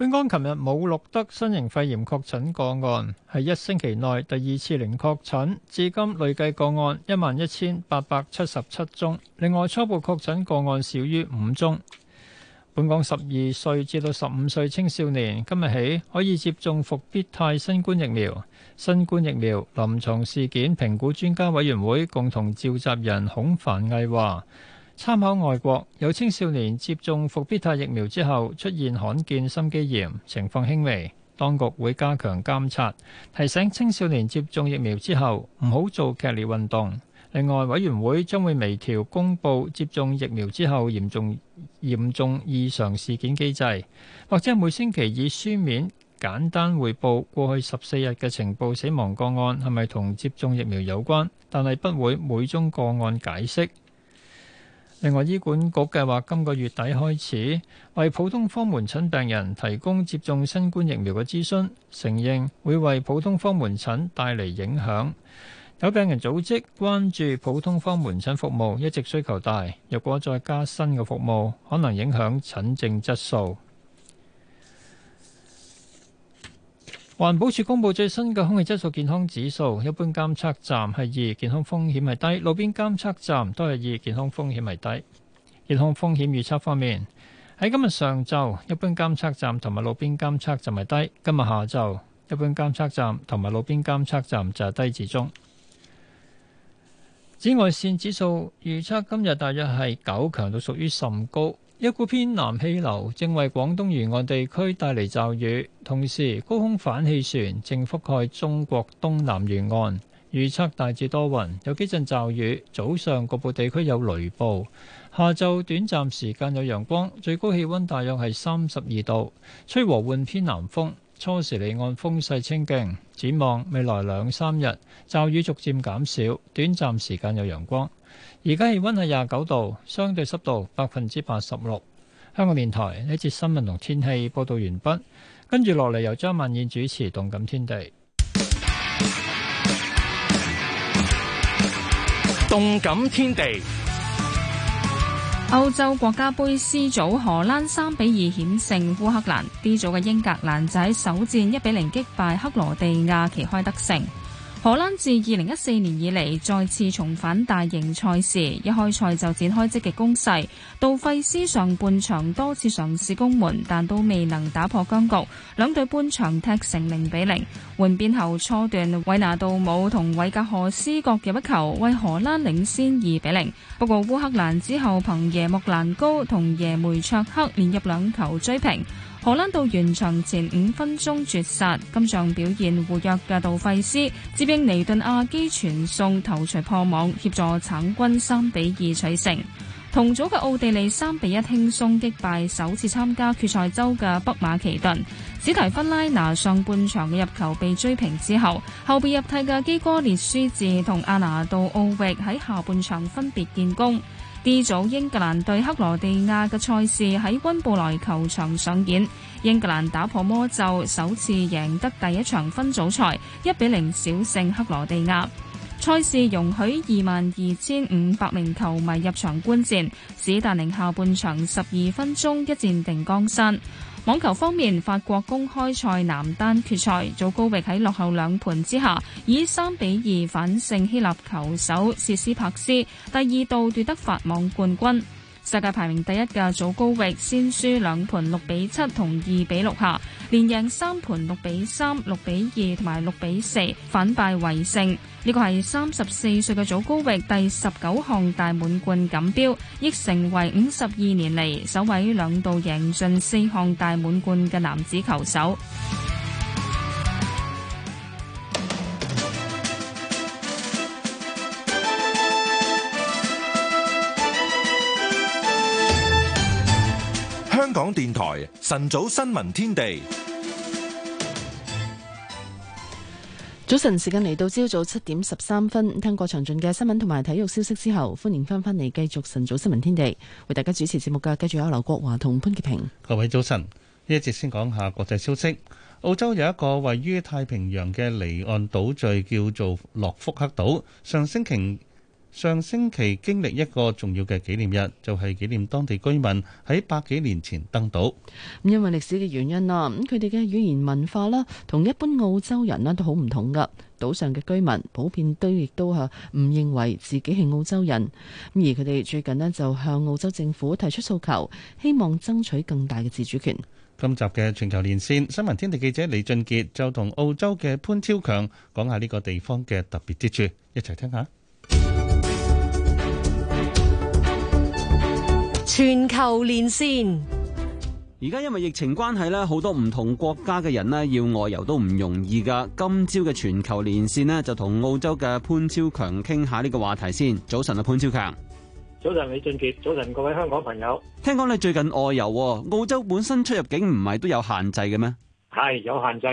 本港琴日冇錄得新型肺炎確診個案，係一星期內第二次零確診，至今累計個案一萬一千八百七十七宗。另外，初步確診個案少於五宗。本港十二歲至到十五歲青少年今日起可以接種復必泰新冠疫苗。新冠疫苗臨床事件評估專家委員會共同召集人孔繁毅話。參考外國有青少年接種復必泰疫苗之後出現罕見心肌炎情況輕微，當局會加強監察，提醒青少年接種疫苗之後唔好做劇烈運動。另外，委員會將會微調公布接種疫苗之後嚴重嚴重異常事件機制，或者每星期以書面簡單匯報過去另外，醫管局計劃今個月底開始為普通科門診病人提供接種新冠疫苗嘅諮詢，承認會為普通科門診帶嚟影響。有病人組織關注普通科門診服務一直需求大，若果再加新嘅服務，可能影響診症質素。環保署公布最新嘅空氣質素健康指數，一般監測站係二，健康風險係低；路邊監測站都係二，健康風險係低。健康風險預測方面，喺今日上晝，一般監測站同埋路邊監測站係低；今日下晝，一般監測站同埋路邊監測站就係低至中。紫外線指數預測今日大約係九，強度屬於甚高。一股偏南氣流正為廣東沿岸地區帶嚟驟雨，同時高空反氣旋正覆蓋中國東南沿岸，預測大致多雲，有幾陣驟雨，早上局部地區有雷暴，下晝短暫時間有陽光，最高氣溫大約係三十二度，吹和緩偏南風，初時離岸風勢清勁。展望未來兩三日，驟雨逐漸減少，短暫時間有陽光。而家氣溫係廿九度，相對濕度百分之八十六。香港電台呢節新聞同天氣報道完畢，跟住落嚟由張文燕主持《動感天地》。
《動感天地》歐洲國家盃 C 組，荷蘭三比二險勝烏克蘭。D 組嘅英格蘭仔首戰一比零擊敗克羅地亞，旗開得勝。荷蘭自二零一四年以嚟再次重返大型賽事，一開賽就展開積極攻勢。杜費斯上半場多次嘗試攻門，但都未能打破僵局，兩隊半場踢成零比零，換邊後初段，韋拿杜姆同韋格荷斯各入一球，為荷蘭領先二比零。不過烏克蘭之後憑耶莫蘭高同耶梅卓克連入兩球追平。荷蘭到完場前五分鐘絕殺，今仗表現活躍嘅杜費斯接應尼頓亞基傳送頭槌破網，協助橙軍三比二取勝。同組嘅奧地利三比一輕鬆擊敗首次參加決賽周嘅北馬其頓，史提芬拉拿上半場嘅入球被追平之後，後備入替嘅基哥列舒治同阿拿杜奧域喺下半場分別建功。D 組英格蘭對克羅地亞嘅賽事喺溫布萊球場上演，英格蘭打破魔咒，首次贏得第一場分組賽，一比零小勝克羅地亞。賽事容許二萬二千五百名球迷入場觀戰，史達寧下半場十二分鐘一戰定江山。網球方面，法國公開賽男單決賽，祖高域喺落後兩盤之下，以三比二反勝希臘球手謝斯柏斯，第二度奪得法網冠軍。世界排名第一嘅祖高域先輸兩盤六比七同二比六下，連贏三盤六比三、六比二同埋六比四，反敗為勝。呢個係三十四歲嘅祖高域第十九項大滿貫錦標，亦成為五十二年嚟首位兩度贏盡四項大滿貫嘅男子球手。
電台晨早新聞天地，
早晨時間嚟到朝早七點十三分，聽過詳盡嘅新聞同埋體育消息之後，歡迎翻翻嚟繼續晨早新聞天地，為大家主持節目嘅，繼續有劉國華同潘潔平。
各位早晨，呢一節先講下國際消息。澳洲有一個位於太平洋嘅離岸島嶼叫做諾福克島，上星期上星期經歷一個重要嘅紀念日，就係紀念當地居民喺百幾年前登島。
咁因為歷史嘅原因啊，咁佢哋嘅語言文化啦，同一般澳洲人呢都好唔同噶。島上嘅居民普遍都亦都係唔認為自己係澳洲人。咁而佢哋最近呢就向澳洲政府提出訴求，希望爭取更大嘅自主權。
今集嘅全球連線，新聞天地記者李俊杰就同澳洲嘅潘超強講下呢個地方嘅特別之處，一齊聽下。
全球連
線，而家因為疫情關係咧，好多唔同國家嘅人咧要外遊都唔容易㗎。今朝嘅全球連線咧，就同澳洲嘅潘超強傾下呢個話題先。早晨啊，潘超強。
早晨李俊杰，早晨各位香港朋友。
聽講你最近外遊，澳洲本身出入境唔係都有限制嘅咩？
係有限制。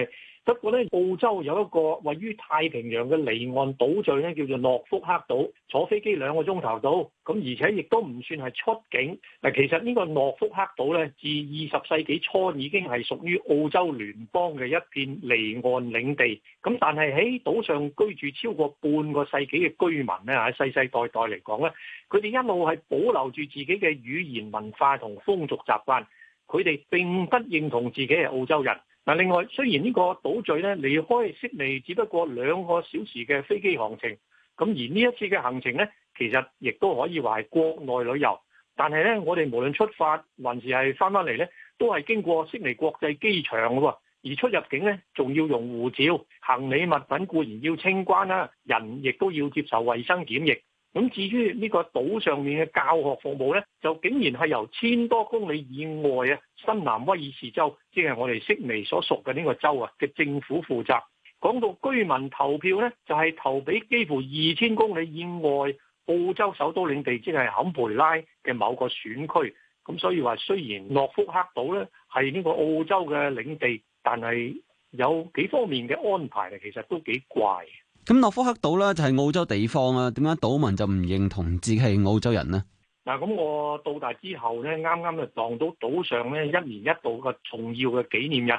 不過咧，澳洲有一個位於太平洋嘅離岸島嶼咧，叫做諾福克島，坐飛機兩個鐘頭到，咁而且亦都唔算係出境。嗱，其實呢個諾福克島咧，自二十世紀初已經係屬於澳洲聯邦嘅一片離岸領地。咁但係喺島上居住超過半個世紀嘅居民咧，喺世世代代嚟講咧，佢哋一路係保留住自己嘅語言、文化同風俗習慣。佢哋並不認同自己係澳洲人。嗱，另外雖然呢個島嶼咧，離開悉尼，只不過兩個小時嘅飛機航程，咁而呢一次嘅行程咧，其實亦都可以話係國內旅遊，但係咧，我哋無論出發還是係翻翻嚟咧，都係經過悉尼國際機場嘅喎，而出入境咧，仲要用護照、行李物品固然要清關啦，人亦都要接受衞生檢疫。咁至於呢個島上面嘅教學服務呢就竟然係由千多公里以外啊，新南威爾士州，即係我哋悉尼所屬嘅呢個州啊嘅政府負責。講到居民投票呢就係投俾幾乎二千公里以外澳洲首都領地，即係坎培拉嘅某個選區。咁所以話雖然諾福克島呢係呢個澳洲嘅領地，但係有幾方面嘅安排呢其實都幾怪的。
咁諾福克島咧就係澳洲地方啊，點解島民就唔認同自己係澳洲人呢？
嗱，咁我到達之後咧，啱啱就撞到島上咧一年一度嘅重要嘅紀念日，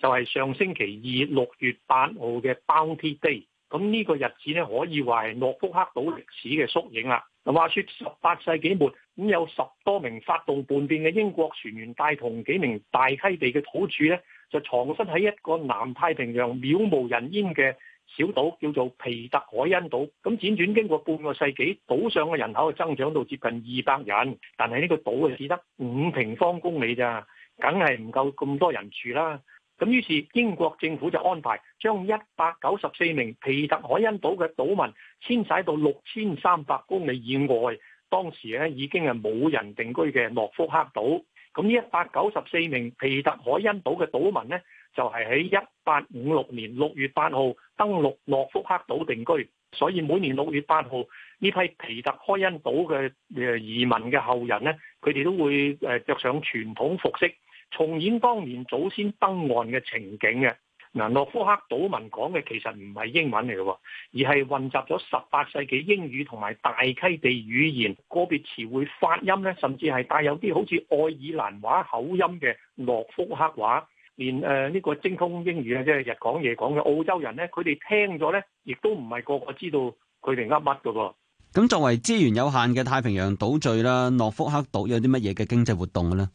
就係上星期二六月八號嘅 Bounty Day。咁呢個日子咧可以話係諾福克島歷史嘅縮影啦。話說十八世紀末，咁有十多名發動叛變嘅英國船員，帶同幾名大溪地嘅土著咧，就藏身喺一個南太平洋渺無人煙嘅。小島叫做皮特凱恩島，咁輾轉經過半個世紀，島上嘅人口係增長到接近二百人，但係呢個島啊只得五平方公里咋，梗係唔夠咁多人住啦。咁於是英國政府就安排將一百九十四名皮特凱恩島嘅島民遷徙到六千三百公里以外，當時咧已經係冇人定居嘅諾福克島。咁呢一百九十四名皮特凱恩島嘅島民咧。就係喺一八五六年六月八號登陸諾福克島定居，所以每年六月八號呢批皮特開恩島嘅誒移民嘅後人呢，佢哋都會誒着上傳統服飾，重演當年祖先登岸嘅情景嘅。嗱，諾福克島民講嘅其實唔係英文嚟嘅，而係混雜咗十八世紀英語同埋大溪地語言，個別詞彙發音，甚至係帶有啲好似愛爾蘭話口音嘅諾福克話。連誒呢個精通英語啊，即係日講夜講嘅澳洲人咧，佢哋聽咗咧，亦都唔係個個知道佢哋噏乜㗎噃。
咁作為資源有限嘅太平洋島嶼啦，諾福克島有啲乜嘢嘅經濟活動嘅咧？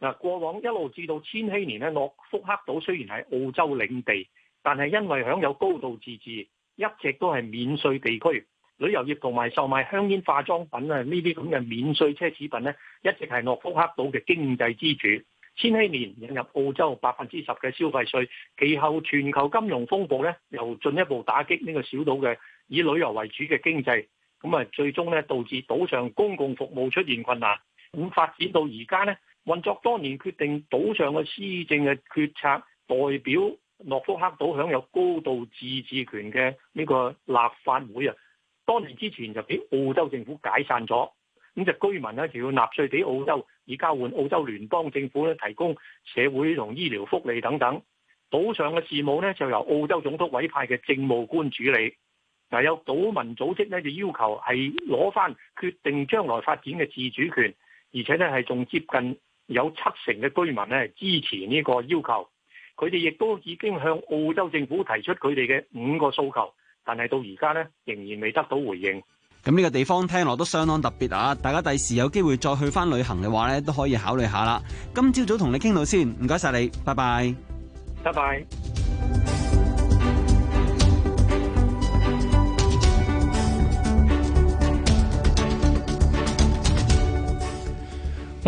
嗱，過往一路至到千禧年咧，諾福克島雖然係澳洲領地，但係因為享有高度自治，一直都係免稅地區。旅遊業同埋售賣香煙、化妝品啊，呢啲咁嘅免稅奢侈品咧，一直係諾福克島嘅經濟支柱。千禧年引入澳洲百分之十嘅消費稅，其後全球金融風暴咧，又進一步打擊呢個小島嘅以旅遊為主嘅經濟，咁啊，最終咧導致島上公共服務出現困難，咁發展到而家咧，運作當年決定島上嘅施政嘅決策代表諾福克島享有高度自治權嘅呢個立法會啊，當年之前就俾澳洲政府解散咗。咁就居民呢就要納稅俾澳洲，以交換澳洲聯邦政府咧提供社會同醫療福利等等。島上嘅事務呢就由澳洲總督委派嘅政務官處理。嗱，有島民組織呢就要求係攞翻決定將來發展嘅自主權，而且呢係仲接近有七成嘅居民呢支持呢個要求。佢哋亦都已經向澳洲政府提出佢哋嘅五個訴求，但係到而家呢仍然未得到回應。
咁、這、呢個地方聽落都相當特別啊！大家第時有機會再去翻旅行嘅話咧，都可以考慮下啦。今朝早同你傾到先，唔該晒你，拜拜，拜拜。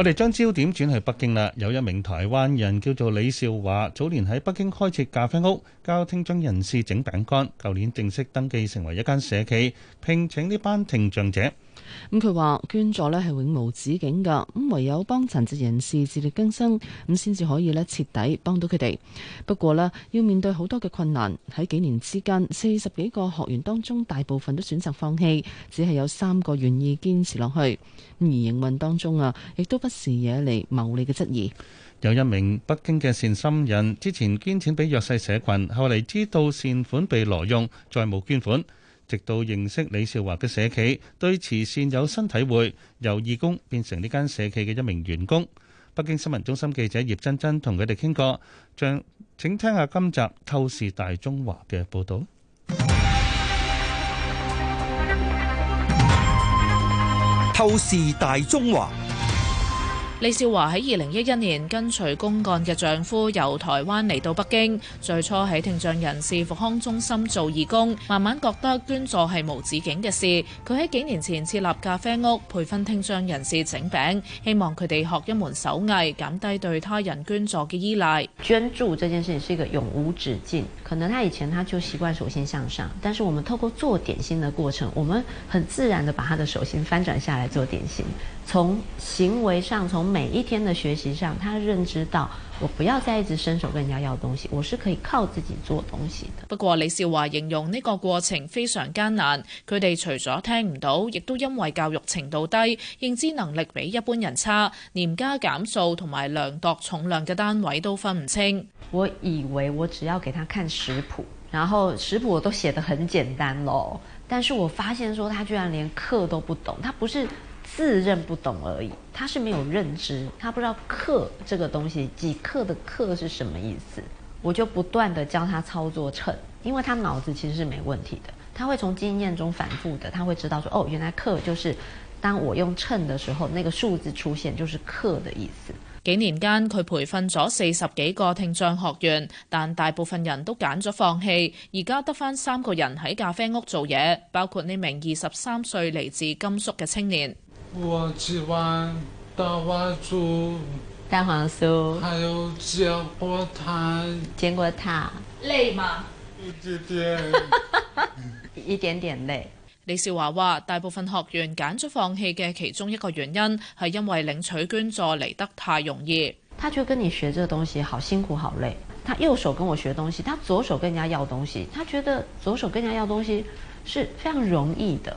我哋將焦點轉去北京啦。有一名台灣人叫做李少華，早年喺北京開設咖啡屋，教聽障人士整餅乾。舊年正式登記成為一間社企，聘請呢班聽障者。
咁佢話捐助呢係永無止境㗎，咁唯有幫殘疾人士自力更生，咁先至可以呢徹底幫到佢哋。不過呢，要面對好多嘅困難。喺幾年之間，四十幾個學員當中，大部分都選擇放棄，只係有三個願意堅持落去。而營運當中啊，亦都不時惹嚟牟利嘅質疑。
有一名北京嘅善心人，之前捐錢俾弱勢社群，後嚟知道善款被挪用，再冇捐款。直到認識李少華嘅社企，對慈善有新體會，由義工變成呢間社企嘅一名員工。北京新聞中心記者葉真真同佢哋傾過，將請聽下今集透視大中華嘅報道。透視
大中華。
李少華喺二零一一年跟隨公幹嘅丈夫由台灣嚟到北京，最初喺聽障人士復康中心做義工，慢慢覺得捐助係無止境嘅事。佢喺幾年前設立咖啡屋培訓聽障人士整餅，希望佢哋學一門手藝，減低對他人捐助嘅依賴。捐助這件事情是一個永無止境，可能他以前他就習慣手心向上，
但是我們透過做點心的過程，我們很自然地把他的手心翻轉下來做點心，從行為上從。每一天的學習上，他認知到，我不要再一直伸手跟人家要東西，我是可以靠自己做東西的。
不過李少華形容，呢個過程非常艱難，佢哋除咗聽唔到，亦都因為教育程度低，認知能力比一般人差，連加減數同埋量度重量嘅單位都分唔清。
我以為我只要給他看食譜，然後食譜我都寫得很簡單咯，但是我發現說，他居然連克都不懂，他不是，自認不懂而已，他是沒有認知，他不知道克這個東西幾克的克是什麼意思。我就不斷的教他操作秤，因為他腦子其實是沒問題的，他會從經驗中反覆的，他會知道說哦，原來克就是當我用秤的時候，那個數字出現就是克的意思。
幾年間，佢培訓咗四十幾個聽障學員，但大部分人都揀咗放棄，而家得翻三個人喺咖啡屋做嘢，包括呢名二十三歲嚟自甘肅嘅青年。我
喜歡大黃酥，蛋黃酥，還有小
菠菜。見過他
累嗎？一,一點
點， 一點點累。李少華話：，大部分學員揀咗放棄嘅其中一個原因，係因為領取捐助嚟得太容易。
他就跟你學這東西，好辛苦，好累。他右手跟我學東西，他左手跟人家要東西，
他覺得左手跟人家
要東西是非常容易的。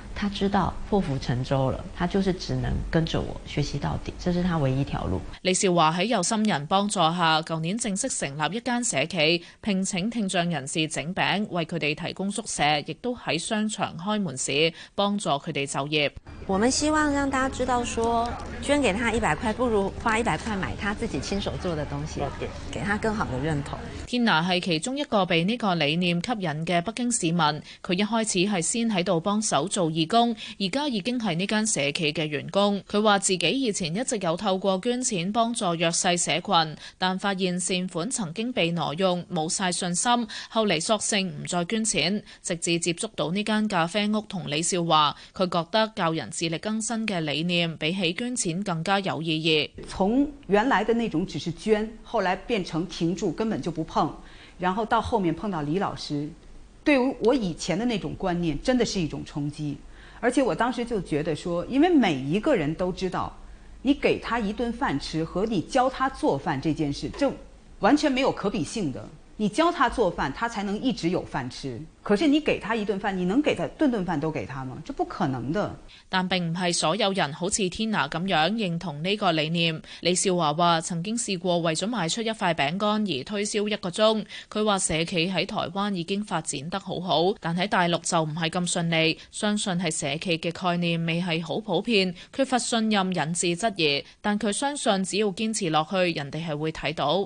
他知道破釜沉舟了，他就是只能跟着我學習到底，這是他唯一條路。
李少華喺有心人幫助下，舊年正式成立一間社企，聘請聽障人士整餅，為佢哋提供宿舍，亦都喺商場開門市，幫助佢哋就業。
我們希望讓大家知道說，說捐給他一百
塊，不如花一百塊買他自己親手做的東西，給他更好的認同。天娜係其中一個被呢個理念吸引嘅北京市民，佢一開始係先喺度幫手做義工而家已經係呢間社企嘅員工，佢話自己以前一直有透過捐錢幫助弱勢社群，但發現善款曾經被挪用，冇晒信心，後嚟索性唔再捐錢，直至接觸到呢間咖啡屋同李少華，佢覺得教人自力更生嘅理念比起捐錢更加有意義。從原來嘅那種只是捐，後來變成停住，根本就不碰，然後到後面碰到李老師，對我以前的那種觀念真的是一種衝擊。而且我當時就覺得說，因為每一個人都知道，你給他一頓飯吃和你教他做飯這件事，這完全沒有可比性的。你教他做飯，他才能一直有飯吃。可是你給他一頓飯，你能給他頓頓飯都給他嗎？這不可能的。但並唔係所有人好似天娜咁樣認同呢個理念。李少華話曾經試過為咗賣出一塊餅乾而推銷一個鐘。佢話社企喺台灣已經發展得好好，但喺大陸就唔係咁順利。相信係社企嘅概念未係好普遍，缺乏信任，引致質疑。但佢相信只要堅持落去，人哋係會睇到。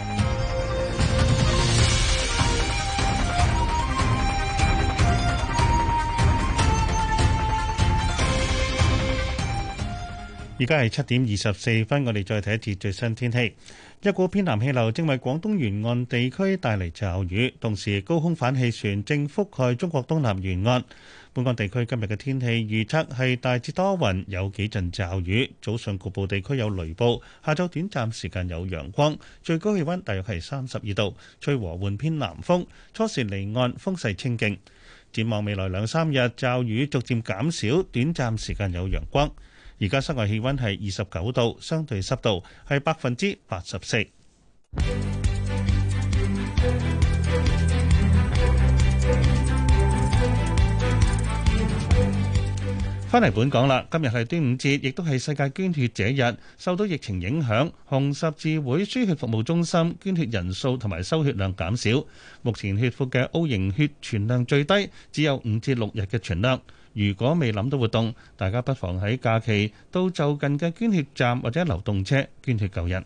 而家係七點二十四分，我哋再睇一次最新天氣。一股偏南氣流正為廣東沿岸地區帶嚟驟雨，同時高空反氣旋正覆蓋中國東南沿岸。本港地區今日嘅天氣預測係大致多雲，有幾陣驟雨，早上局部地區有雷暴，下晝短暫時間有陽光，最高氣溫大約係三十二度，吹和緩偏南風，初時離岸風勢清勁。展望未來兩三日，驟雨逐漸減少，短暫時間有陽光。而家室外氣温係二十九度，相對濕度係百分之八十四。翻嚟本港啦，今日係端午節，亦都係世界捐血者日。受到疫情影響，紅十字會輸血服務中心捐血人數同埋收血量減少。目前血庫嘅 O 型血存量最低，只有五至六日嘅存量。如果未諗到活動，大家不妨喺假期到就近嘅捐血站或者流動車捐血救人。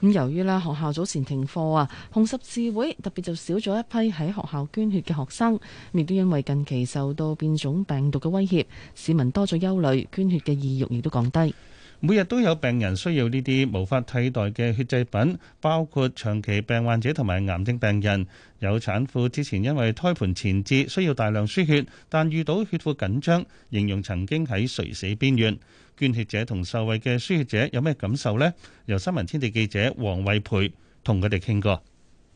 咁由於啦學校早前停課啊，紅十字會特別就少咗一批喺學校捐血嘅學生。亦都因為近期受到變種病毒嘅威脅，市民多咗憂慮，捐血嘅意欲亦都降低。
每日都有病人需要呢啲無法替代嘅血製品，包括長期病患者同埋癌症病人。有產婦之前因為胎盤前置需要大量輸血，但遇到血庫緊張，形容曾經喺垂死邊緣。捐血者同受惠嘅輸血者有咩感受咧？由新聞天地記者黃慧培同佢哋傾過。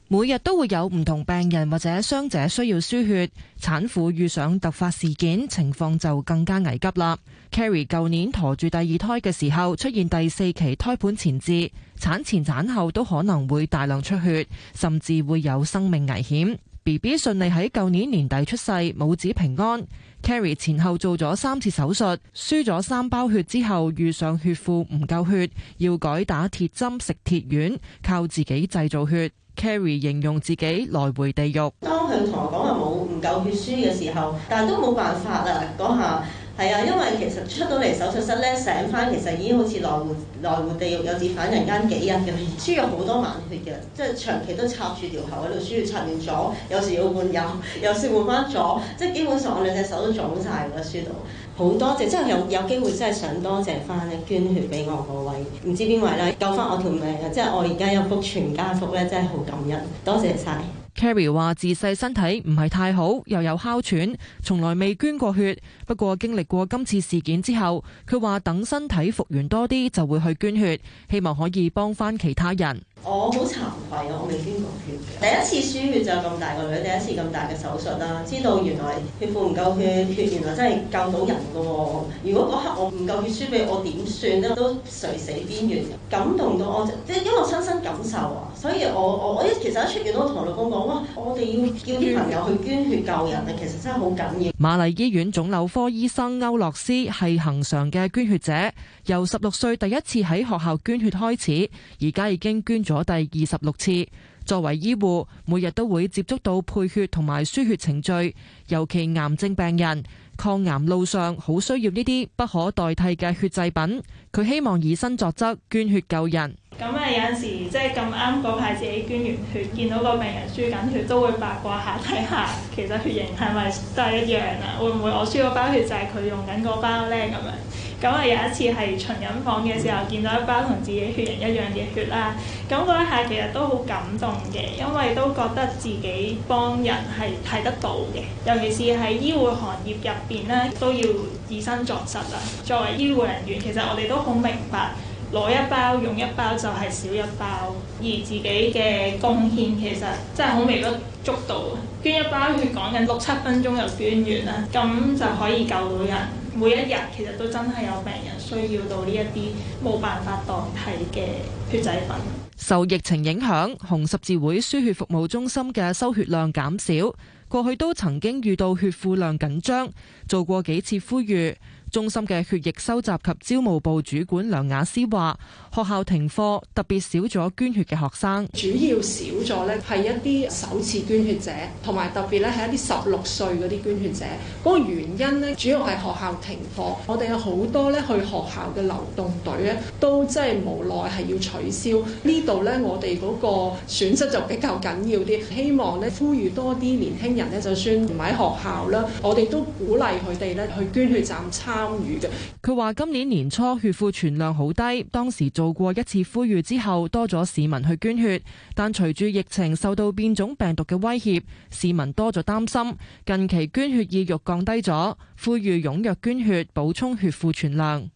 每日都會有唔同病人或者傷者需要輸血。產婦遇上突發事件，情況就更加危急啦。Carrie 舊年陀住第二胎嘅時候出現第四期胎盤前置，產前產後都可能會大量出血，甚至會有生命危險。BB 順利喺舊年年底出世，母子平安。Carrie 前後做咗三次手術，輸咗三包血之後，遇上血庫唔夠血，要改打鐵針、食鐵丸，靠自己製造血。Carrie 形容自己來回地獄。
當佢同我講話冇唔夠血輸嘅時候，但都冇辦法啦嗰下。係啊，因為其實出到嚟手術室咧醒翻，其實已經好似來回來回地獄又折返人間幾日咁，輸咗好多晚血嘅，即係長期都插住條喉喺度輸，插完左，有時要換右，有時換翻左，即係基本上我兩隻手都腫曬嘅輸到。好多謝，即係有有機會真係想多謝翻咧捐血俾我個位，唔知邊位咧救翻我條命嘅，即係我而家有幅全家福咧，真係好感恩，多謝晒。
Carrie 話自細身體唔係太好，又有哮喘，從來未捐過血。不過經歷過今次事件之後，佢話等身體復原多啲就會去捐血，希望可以幫翻其他人。
我好慚愧啊！我未捐過血嘅，第一次輸血就咁大個女，第一次咁大嘅手術啦，知道原來血庫唔夠血，血原來真係救到人噶喎！如果嗰刻我唔夠血輸俾我點算咧？都垂死邊緣，感動到我即係因為我親身感受啊！所以我我我其實喺出邊都同老公講啊，我哋要叫啲朋友去捐血救人啊！其實真係好緊要。
瑪麗醫院腫瘤科醫生歐洛斯係恆常嘅捐血者。由十六歲第一次喺學校捐血開始，而家已經捐咗第二十六次。作為醫護，每日都會接觸到配血同埋輸血程序，尤其癌症病人，抗癌路上好需要呢啲不可代替嘅血製品。佢希望以身作則，捐血救人。
咁啊，有、就是、陣時即係咁啱嗰排自己捐完血，見到個病人輸緊血，都會八卦下睇下，看看其實血型係咪都係一樣啊？會唔會我輸嗰包血就係佢用緊嗰包呢？咁樣咁啊，有一次係巡緊房嘅時候，見到一包同自己血型一樣嘅血啦，咁一下其實都好感動嘅，因為都覺得自己幫人係睇得到嘅，尤其是喺醫護行業入邊咧，都要以身作則啦。作為醫護人員，其實我哋都好明白。攞一包用一包就係少一包，而自己嘅貢獻其實真係好微不足道。捐一包血講緊六七分鐘就捐完啦，咁就可以救到人。每一日其實都真係有病人需要到呢一啲冇辦法代替嘅血製品。
受疫情影響，紅十字會輸血服務中心嘅收血量減少，過去都曾經遇到血庫量緊張，做過幾次呼籲。中心嘅血液收集及招募部主管梁雅詩話：學校停課，特別少咗捐血嘅學生。主要少咗咧，係一啲首次捐血者，同埋特別咧係一啲十六歲嗰啲捐血者。嗰個原因咧，主要係學校停課。我哋有好多咧去學校嘅流動隊咧，都真係無奈係要取消。呢度咧，我哋嗰個損失就比較緊要啲。希望咧，呼籲多啲年輕人咧，就算唔喺學校啦，我哋都鼓勵佢哋咧去捐血站參。佢話：今年年初血庫存量好低，當時做過一次呼籲之後，多咗市民去捐血，但隨住疫情受到變種病毒嘅威脅，市民多咗擔心，近期捐血意欲降低咗，呼籲踴躍捐血，補充血庫存量。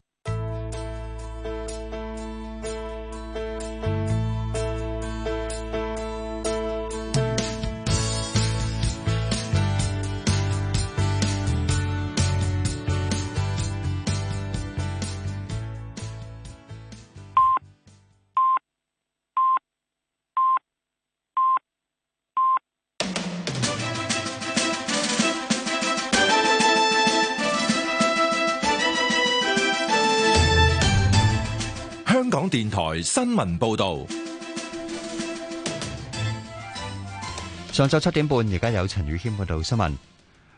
電台新聞報道：上晝七點半，而家
有陳宇謙報道新聞。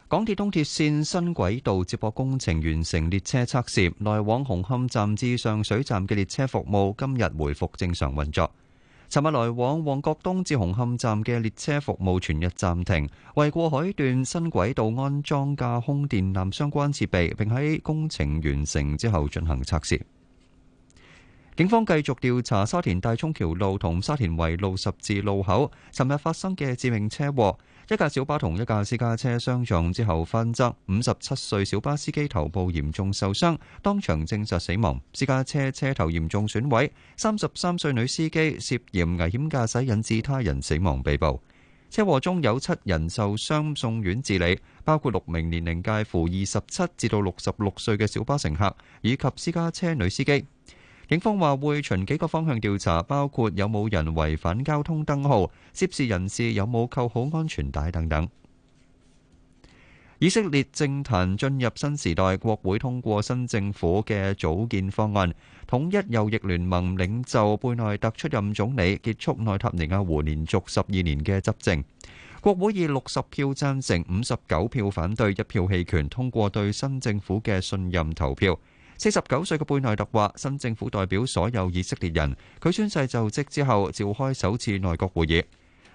港鐵東鐵綫新軌道接駁工程完成列車測試，來往紅磡站至上水站嘅列車服務今日回復正常運作。尋日來往旺角東至紅磡站嘅列車服務全日暫停，為過海段新軌道安裝架空電纜相關設備，並喺工程完成之後進行測試。警方繼續調查沙田大涌橋路同沙田圍路十字路口，尋日發生嘅致命車禍。一架小巴同一架私家車相撞之後，翻側，五十七歲小巴司機頭部嚴重受傷，當場證實死亡；私家車車頭嚴重損毀，三十三歲女司機涉嫌危險駕駛，引致他人死亡，被捕。車禍中有七人受傷送院治理，包括六名年齡介乎二十七至到六十六歲嘅小巴乘客，以及私家車女司機。警方話會循幾個方向調查，包括有冇人違反交通燈號、涉事人士有冇扣好安全帶等等。以色列政壇進入新時代，國會通過新政府嘅組建方案，統一右翼聯盟領袖貝內特出任總理，結束內塔尼亞胡連續十二年嘅執政。國會以六十票贊成、五十九票反對、一票棄權通過對新政府嘅信任投票。四十九歲嘅貝內特話：新政府代表所有以色列人。佢宣誓就職之後，召開首次內閣會議。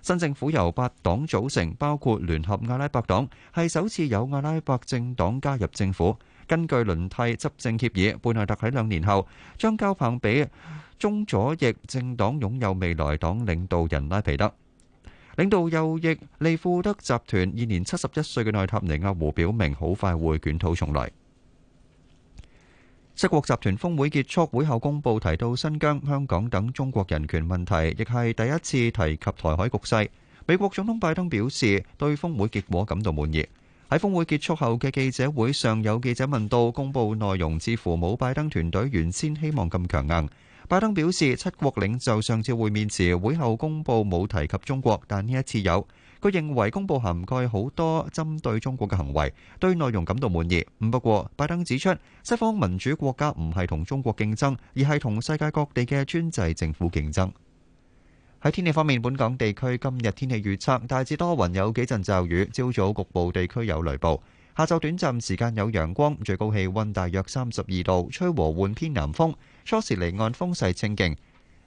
新政府由八黨組成，包括聯合阿拉伯黨，係首次有阿拉伯政黨加入政府。根據輪替執政協議，貝內特喺兩年後將交棒俾中左翼政黨擁有未來黨領導人拉皮德。領導右翼利庫德集團現年七十一歲嘅內塔尼亞胡表明，好快會捲土重來。七國集團峰會結束，會後公布提到新疆、香港等中國人權問題，亦係第一次提及台海局勢。美國總統拜登表示對峰會結果感到滿意。喺峰會結束後嘅記者會上，有記者問到公布內容，似乎冇拜登團隊原先希望咁強硬。拜登表示，七國領袖上次會面時，會後公布冇提及中國，但呢一次有。佢認為公佈涵蓋好多針對中國嘅行為，對內容感到滿意。唔不過，拜登指出西方民主國家唔係同中國競爭，而係同世界各地嘅專制政府競爭。喺天氣方面，本港地區今日天氣預測大致多雲，有幾陣驟雨，朝早局部地區有雷暴，下晝短暫時間有陽光，最高氣温大約三十二度，吹和緩偏南風，初時離岸風勢清勁。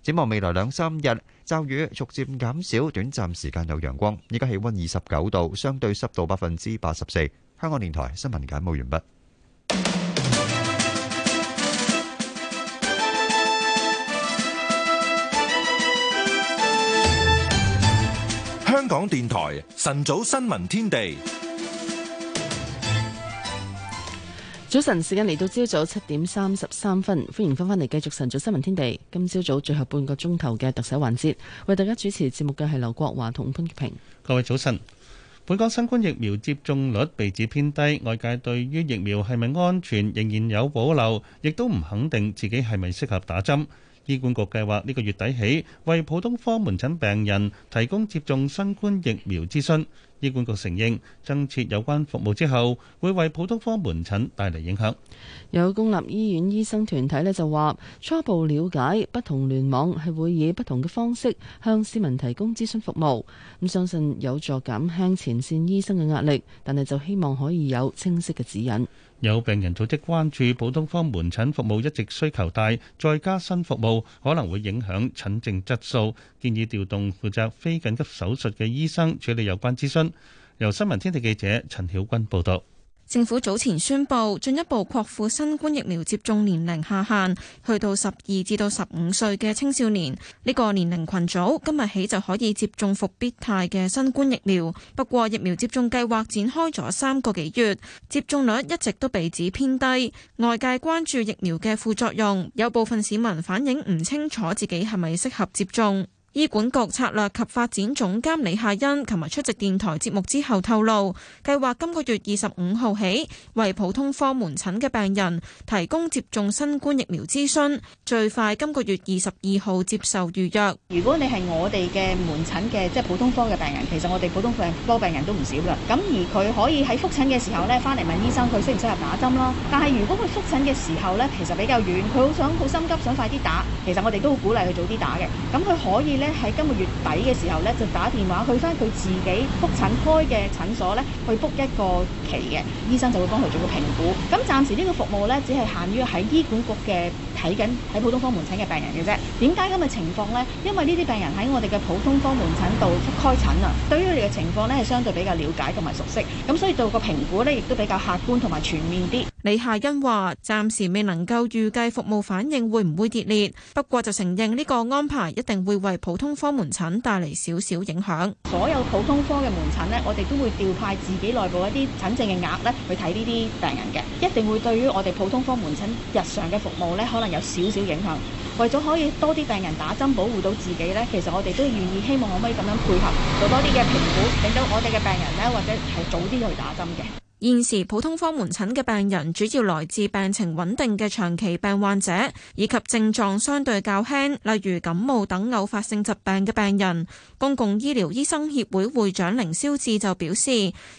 展望未來兩三日，驟雨逐漸減少，短暫時間有陽光。依家氣溫二十九度，相對濕度百分之八十四。香港電台新聞簡報完畢。
香港電台晨早新聞
天地。早晨，時間嚟到朝早七點三十三分，歡迎翻返嚟繼續晨早新聞天地。今朝早最後半個鐘頭嘅特首環節，為大家主持節目嘅係劉國華同潘潔平。
各位早晨，本港新冠疫苗接種率被指偏低，外界對於疫苗係咪安全仍然有保留，亦都唔肯定自己係咪適合打針。醫管局計劃呢個月底起，為普通科門診病人提供接種新冠疫苗諮詢。醫管局承認，增設有關服務之後，會為普通科門診帶嚟影響。
有公立醫院醫生團體咧就話，初步了解不同聯網係會以不同嘅方式向市民提供諮詢服務，咁相信有助減輕前線醫生嘅壓力，但係就希望可以有清晰嘅指引。
有病人組織關注，普通科門診服務一直需求大，再加新服務可能會影響診症質素，建議調動負責非緊急手術嘅醫生處理有關諮詢。由新聞天地記者陳曉君報導。
政府早前宣布進一步擴闊新冠疫苗接種年齡下限，去到十二至到十五歲嘅青少年呢個年齡群組，今日起就可以接種復必泰嘅新冠疫苗。不過疫苗接種計劃展開咗三個幾月，接種率一直都被指偏低，外界關注疫苗嘅副作用，有部分市民反映唔清楚自己係咪適合接種。醫管局策略及發展總監李夏欣琴日出席電台節目之後透露，計劃今個月二十五號起為普通科門診嘅病人提供接種新冠疫苗諮詢，最快今個月二十二號接受預約。如果你係我哋嘅門診嘅，即係普通科嘅病人，其實我哋普通科病科病人都唔少啦。咁而佢可以喺復診嘅時候呢，翻嚟問醫生佢適唔適合打針啦。但係如果佢復診嘅時候呢，其實比較遠，佢好想好心急想快啲打，其實我哋都會鼓勵佢早啲打嘅。咁佢可以呢。喺今個月底嘅時候咧，就打電話去翻佢自己覆診開嘅診所咧，去覆一個期嘅，醫生就會幫佢做個評估。咁暫時呢個服務咧，只係限於喺醫管局嘅睇緊喺普通科門診嘅病人嘅啫。點解咁嘅情況呢？因為呢啲病人喺我哋嘅普通科門診度開診啊，對於佢哋嘅情況呢，係相對比較了解同埋熟悉，咁所以到個評估呢，亦都比較客觀同埋全面啲。李夏欣話：暫時未能夠預計服務反應會唔會跌裂，不過就承認呢個安排一定會為普。普通科門診帶嚟少少影響，所有普通科嘅門診呢，我哋都會調派自己內部一啲診症嘅額咧去睇呢啲病人嘅，一定會對於我哋普通科門診日常嘅服務呢，可能有少少影響。為咗可以多啲病人打針，保護到自己呢，其實我哋都願意希望可唔可以咁樣配合做多啲嘅評估，令到我哋嘅病人呢，或者係早啲去打針嘅。現時普通科門診嘅病人主要來自病情穩定嘅長期病患者，以及症狀相對較輕，例如感冒等偶發性疾病嘅病人。公共醫療醫生協會會長凌霄志就表示，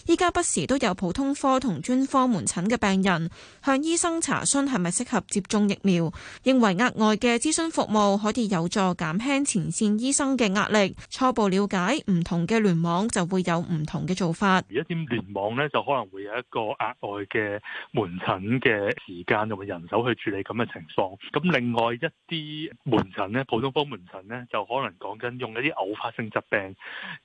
依家不時都有普通科同專科門診嘅病人向醫生查詢係咪適合接種疫苗，認為額外嘅諮詢服務可以有助減輕前線醫生嘅壓力。初步了解唔同嘅聯網就會有唔同嘅做法，
而一啲聯網呢，就可能會，一個額外嘅門診嘅時間同埋人手去處理咁嘅情況，咁另外一啲門診呢，普通科門診呢，就可能講緊用一啲偶發性疾病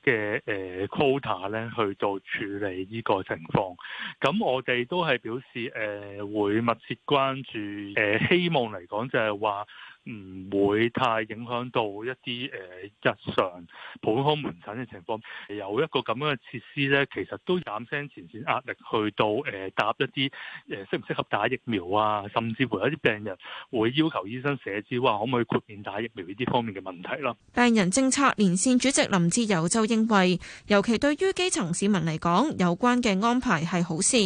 嘅誒、呃、quota 咧去做處理呢個情況，咁我哋都係表示誒、呃、會密切關注，誒、呃、希望嚟講就係話。唔會太影響到一啲誒日常普通門診嘅情況，有一個咁樣嘅設施咧，其實都減輕前線壓力，去到誒答一啲誒適唔適合打疫苗啊，甚至乎有啲病人會要求醫生寫字，話可唔可以豁免打疫苗呢啲方面嘅問題咯。
病人政策連線主席林志友就認為，尤其對於基層市民嚟講，有關嘅安排係好事。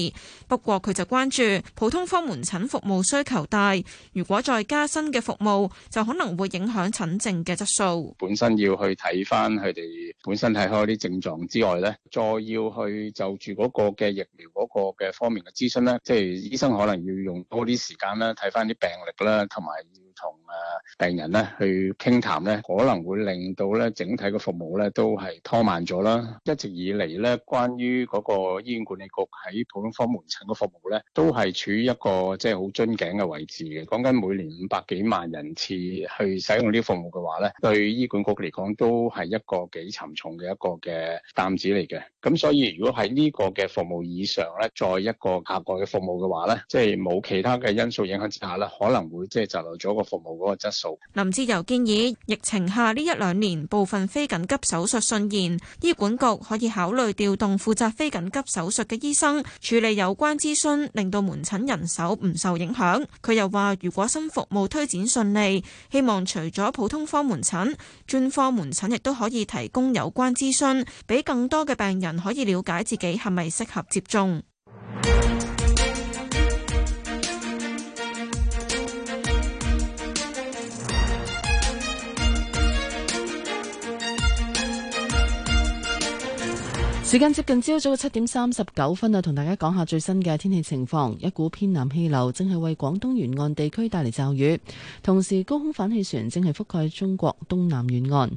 不過佢就關注普通科門診服務需求大，如果再加新嘅服務。就可能會影響診症嘅質素。
本身要去睇翻佢哋本身係開啲症狀之外咧，再要去就住嗰個嘅疫苗嗰個嘅方面嘅諮詢咧，即係醫生可能要用多啲時間啦，睇翻啲病歷啦，同埋。同誒，病人咧去傾談咧，可能會令到咧整體嘅服務咧都係拖慢咗啦。一直以嚟咧，關於嗰個醫院管理局喺普通科門診嘅服務咧，都係處於一個即係好樽頸嘅位置嘅。講緊每年五百幾萬人次去使用呢啲服務嘅話咧，對醫管局嚟講都係一個幾沉重嘅一個嘅擔子嚟嘅。咁所以如果喺呢個嘅服務以上咧，再一個額外嘅服務嘅話咧，即係冇其他嘅因素影響之下咧，可能會即係窒留咗個。服務個質素。
林志由建議，疫情下呢一兩年部分非緊急手術順延，醫管局可以考慮調動負責非緊急手術嘅醫生處理有關諮詢，令到門診人手唔受影響。佢又話，如果新服務推展順利，希望除咗普通科門診、專科門診亦都可以提供有關諮詢，俾更多嘅病人可以了解自己係咪適合接種
時間接近朝早嘅七點三十九分啊，同大家講下最新嘅天氣情況。一股偏南氣流正係為廣東沿岸地區帶嚟驟雨，同時高空反氣旋正係覆蓋中國東南沿岸。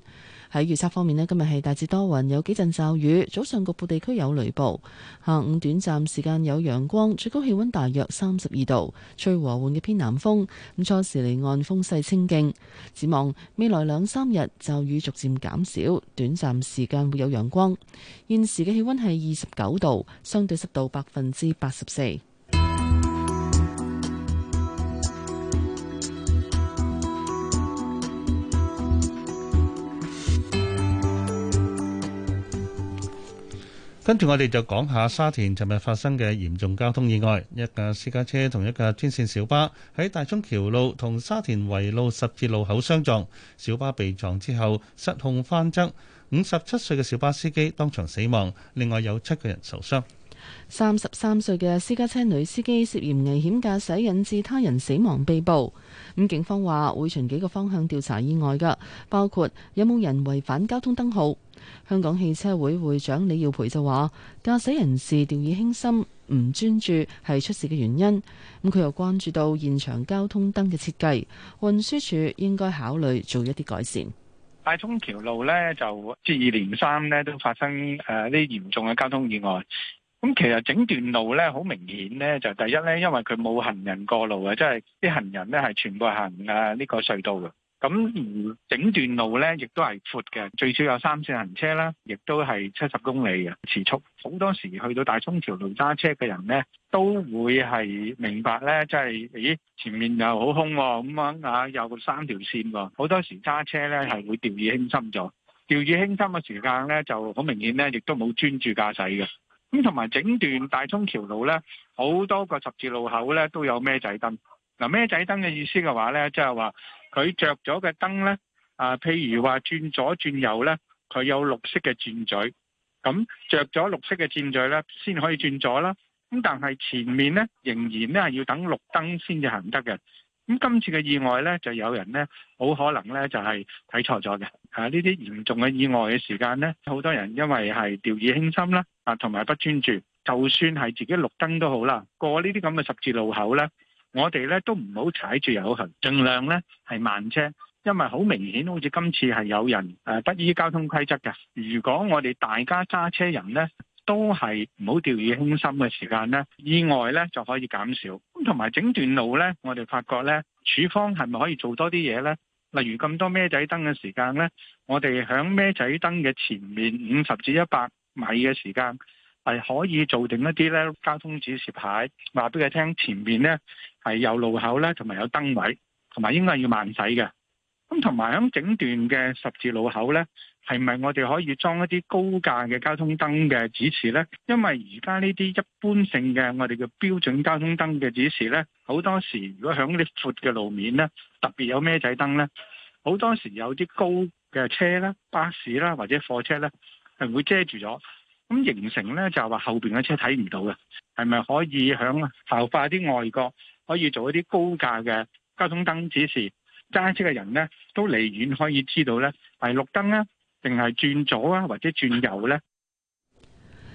喺預測方面呢，今日係大致多雲，有幾陣驟雨，早上局部地區有雷暴，下午短暫時間有陽光，最高氣温大約三十二度，吹和緩嘅偏南風，咁初時離岸風勢清勁。展望未來兩三日驟雨逐漸減少，短暫時間會有陽光。現時嘅氣温係二十九度，相對濕度百分之八十四。
跟住我哋就講下沙田尋日發生嘅嚴重交通意外，一架私家車同一架專線小巴喺大涌橋路同沙田圍路十字路口相撞，小巴被撞之後失控翻側，五十七歲嘅小巴司機當場死亡，另外有七個人受傷。
三十三歲嘅私家車女司機涉嫌危險駕駛引致他人死亡被捕，咁警方話會循幾個方向調查意外㗎，包括有冇人違反交通燈號。香港汽車會會長李耀培就話：駕駛人士掉以輕心，唔專注係出事嘅原因。咁佢又關注到現場交通燈嘅設計，運輸署應該考慮做一啲改善。
大中橋路呢，就接二連三呢都發生誒啲嚴重嘅交通意外。咁其實整段路呢，好明顯呢，就第一呢，因為佢冇行人過路啊，即係啲行人呢係全部行誒呢、啊呢個隧道嘅。咁而整段路咧，亦都係闊嘅，最少有三線行車啦，亦都係七十公里嘅時速。好多時去到大涌橋路揸車嘅人咧，都會係明白咧，即係咦前面又好空喎，咁啊有三條線喎。好多時揸車咧係會掉以輕心咗，掉以輕心嘅時間咧就好明顯咧，亦都冇專注駕駛嘅。咁同埋整段大涌橋路咧，好多個十字路口咧都有咩仔燈。嗱，咩仔燈嘅意思嘅話咧，即係話。佢着咗嘅燈呢，啊，譬如話轉左轉右呢，佢有綠色嘅轉嘴。咁着咗綠色嘅轉嘴呢，先可以轉左啦。咁但係前面呢，仍然呢係要等綠燈先至行得嘅。咁、嗯、今次嘅意外呢，就有人呢，好可能呢就係、是、睇錯咗嘅。嚇、啊，呢啲嚴重嘅意外嘅時間呢，好多人因為係掉以輕心啦，啊，同埋不專注，就算係自己綠燈都好啦，過呢啲咁嘅十字路口呢。 我哋咧都唔好踩住油行，盡量咧係慢車，因為好明顯，好似今次係有人誒不依交通規則嘅。如果我哋大家揸車人咧都係唔好掉以輕心嘅時間咧，意外咧就可以減少。咁同埋整段路咧，我哋發覺咧，處方係咪可以做多啲嘢咧？例如咁多咩仔燈嘅時間咧，我哋響咩仔燈嘅前面五十至一百米嘅時間。係可以做定一啲咧交通指示牌，話俾佢聽前面呢係有路口呢，同埋有，有燈位，同埋應該要慢駛嘅。咁同埋響整段嘅十字路口呢，係咪我哋可以裝一啲高架嘅交通燈嘅指示呢？因為而家呢啲一般性嘅我哋嘅標準交通燈嘅指示呢，好多時如果響啲闊嘅路面呢，特別有咩仔燈呢，好多時有啲高嘅車啦、巴士啦或者貨車呢，係會遮住咗。咁形成咧就係話後邊嘅車睇唔到嘅，係咪可以響啊校化啲外國可以做一啲高價嘅交通燈指示，揸車嘅人咧都離遠可以知道咧係綠燈啊，定係轉左啊，或者轉右咧？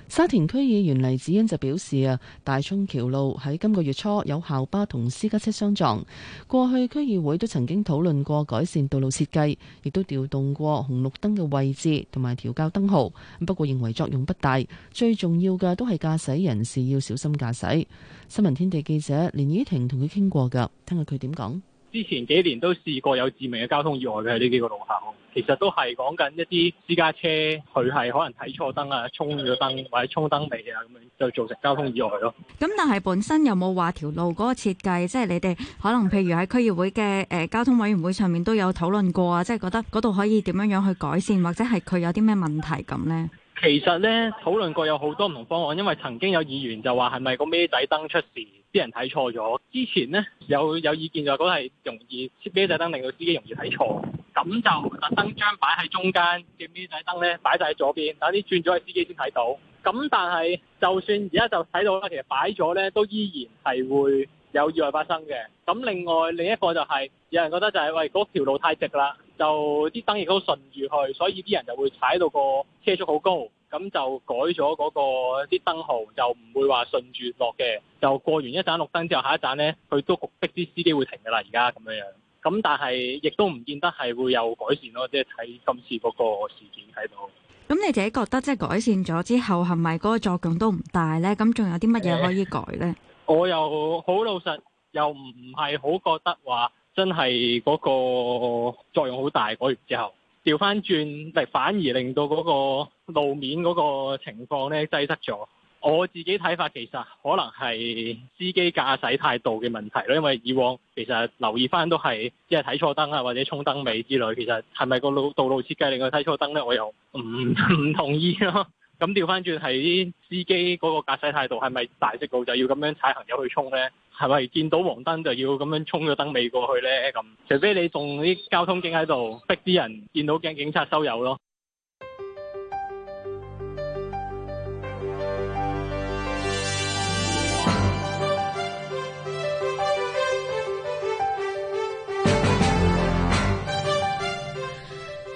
沙田區議員黎子欣就表示啊，大涌橋路喺今個月初有校巴同私家車相撞。過去區議會都曾經討論過改善道路設計，亦都調動過紅綠燈嘅位置同埋調校燈號。不過認為作用不大，最重要嘅都係駕駛人士要小心駕駛。新聞天地記者連依婷同佢傾過㗎，聽下佢點講。
之前幾年都試過有致命嘅交通意外嘅喺呢幾個路口，其實都係講緊一啲私家車佢係可能睇錯燈啊，衝咗燈或者衝燈尾啊，咁樣就造成交通意外咯。
咁但係本身有冇話條路嗰個設計，即係你哋可能譬如喺區議會嘅誒、呃、交通委員會上面都有討論過啊，即係覺得嗰度可以點樣樣去改善，或者係佢有啲咩問題咁呢？
其實呢，討論過有好多唔同方案，因為曾經有議員就話係咪個孭仔燈出事？啲人睇錯咗，之前咧，有有意見就講係容易車尾仔燈令到司機容易睇錯，咁就特登將擺喺中間嘅尾仔燈呢，擺晒喺左邊，等啲轉咗嘅司機先睇到。咁但係就算而家就睇到咧，其實擺咗呢都依然係會有意外發生嘅。咁另外另一個就係、是、有人覺得就係、是、喂嗰條路太直啦，就啲燈亦都順住去，所以啲人就會踩到個車速好高。咁就改咗嗰個啲燈號，就唔會話順住落嘅，就過完一盞綠燈之後，下一盞咧，佢都逼啲司機會停噶啦，而家咁樣樣。咁但係亦都唔見得係會有改善咯，即係睇今次嗰個事件喺度。
咁你自己覺得即係改善咗之後，係咪嗰個作用都唔大咧？咁仲有啲乜嘢可以改咧？
我又好老實，又唔係好覺得話真係嗰個作用好大，改完之後。調翻轉，反而令到嗰個路面嗰個情況咧擠塞咗。我自己睇法，其實可能係司機駕駛態度嘅問題咯。因為以往其實留意翻都係，即係睇錯燈啊，或者衝燈尾之類。其實係咪個路道路設計令佢睇錯燈咧？我又唔唔同意咯。咁調翻轉係司機嗰個駕駛態度係咪大隻到就要咁樣踩行友去衝咧？係咪見到黃燈就要咁樣衝咗燈尾過去咧？咁，除非你仲啲交通警喺度逼啲人見到驚警察收油咯。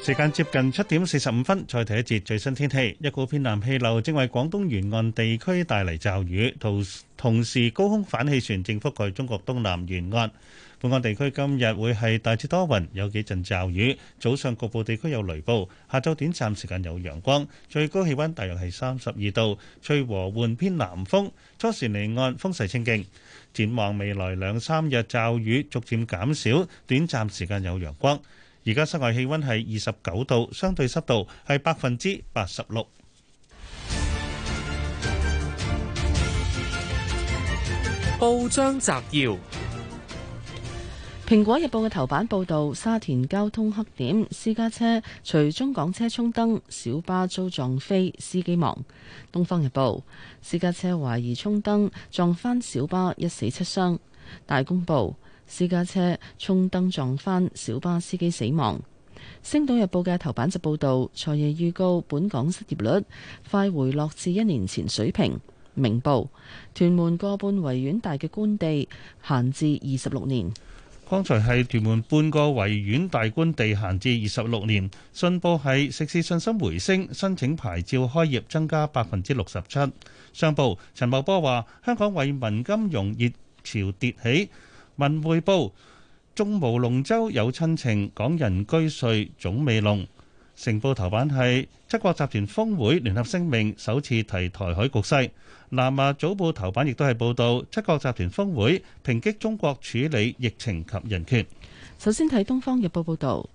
時間接近七點四十五分,再睇一節最新天氣,一股偏南氣流,正為廣東沿岸地區帶來驟雨,同時高空反氣旋,正覆蓋中國東南沿岸。本港地區今日會係大致多雲,有幾陣驟雨,早上局部地區有雷暴,下晝短暫時間有陽光,最高氣温大約係三十二度,吹和緩偏南風,初時離岸風勢清勁,展望未來兩三日驟雨,逐漸減少,短暫時間有陽光,而家室外氣溫係二十九度，相對濕度係百分之八十六。報章摘要：
《蘋果日報》嘅頭版報導沙田交通黑點，私家車隨中港車衝燈，小巴遭撞飛，司機亡。《東方日報》私家車懷疑衝燈撞翻小巴，一死七傷。大公報私家車衝燈撞翻小巴，司機死亡。《星島日報》嘅頭版就報道，財爺預告本港失業率快回落至一年前水平。《明報》屯門個半維園大嘅官地閒置二十六年。
剛才係屯門半個維園大官地閒置二十六年。信報係食肆信心回升，申請牌照開業增加百分之六十七。商報陳茂波話：香港為民金融熱潮迭起。文匯報：縱無龍舟有親情，港人居睡總未濃。成報頭版係七國集團峯會聯合聲明，首次提台海局勢。南亞早報頭版亦都係報導七國集團峯會抨擊中國處理疫情及人權。
首先睇《東方日報》報導。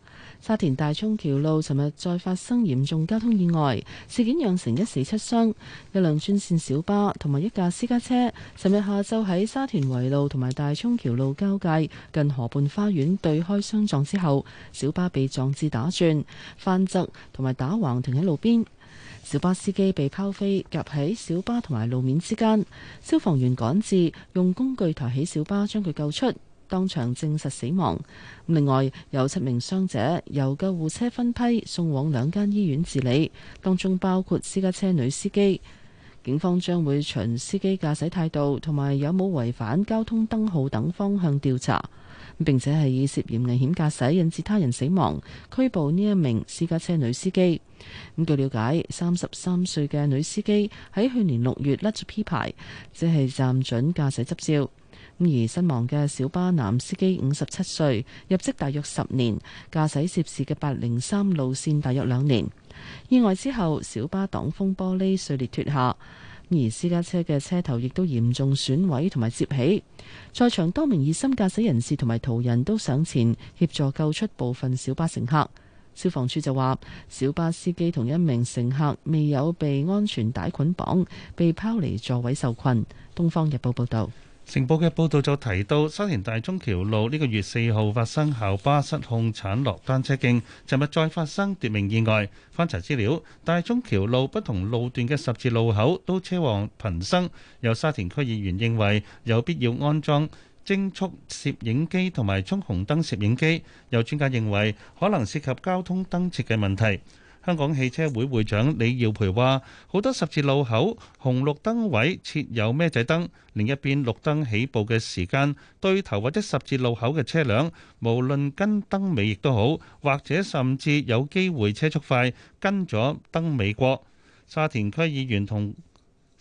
沙田大涌橋路尋日再發生嚴重交通意外，事件釀成一死七傷。一輛專線小巴同埋一架私家車尋日下晝喺沙田圍路同埋大涌橋路交界近河畔花園對開相撞之後，小巴被撞至打轉、翻側同埋打橫停喺路邊。小巴司機被拋飛，夾喺小巴同埋路面之間。消防員趕至，用工具抬起小巴，將佢救出。當場證實死亡。另外有七名傷者由救護車分批送往兩間醫院治理，當中包括私家車女司機。警方將會循司機駕駛態度同埋有冇違反交通燈號等方向調查。並且係以涉嫌危險駕駛引致他人死亡，拘捕呢一名私家車女司機。咁據了解，三十三歲嘅女司機喺去年六月甩咗 P 牌，即係暫准駕駛執照。而身亡嘅小巴男司機五十七歲，入職大約十年，駕駛涉事嘅八零三路線大約兩年。意外之後，小巴擋風玻璃碎裂脫下，而私家車嘅車頭亦都嚴重損毀同埋折起。在場多名熱心駕駛人士同埋途人都上前協助救出部分小巴乘客。消防處就話，小巴司機同一名乘客未有被安全帶捆綁，被拋離座位受困。東方日報報道。
成報嘅報導就提到，沙田大中橋路呢個月四號發生校巴失控鏟落單車徑，尋日再發生奪命意外。翻查資料，大中橋路不同路段嘅十字路口都車禍頻生。有沙田區議員認為有必要安裝偵速攝影機同埋衝紅燈攝影機。有專家認為可能涉及交通燈設計問題。香港汽車會會長李耀培話，好多十字路口紅綠燈位設有咩仔燈，另一邊綠燈起步嘅時間，對頭或者十字路口嘅車輛，無論跟燈尾亦都好，或者甚至有機會車速快跟咗燈尾過。沙田區議員同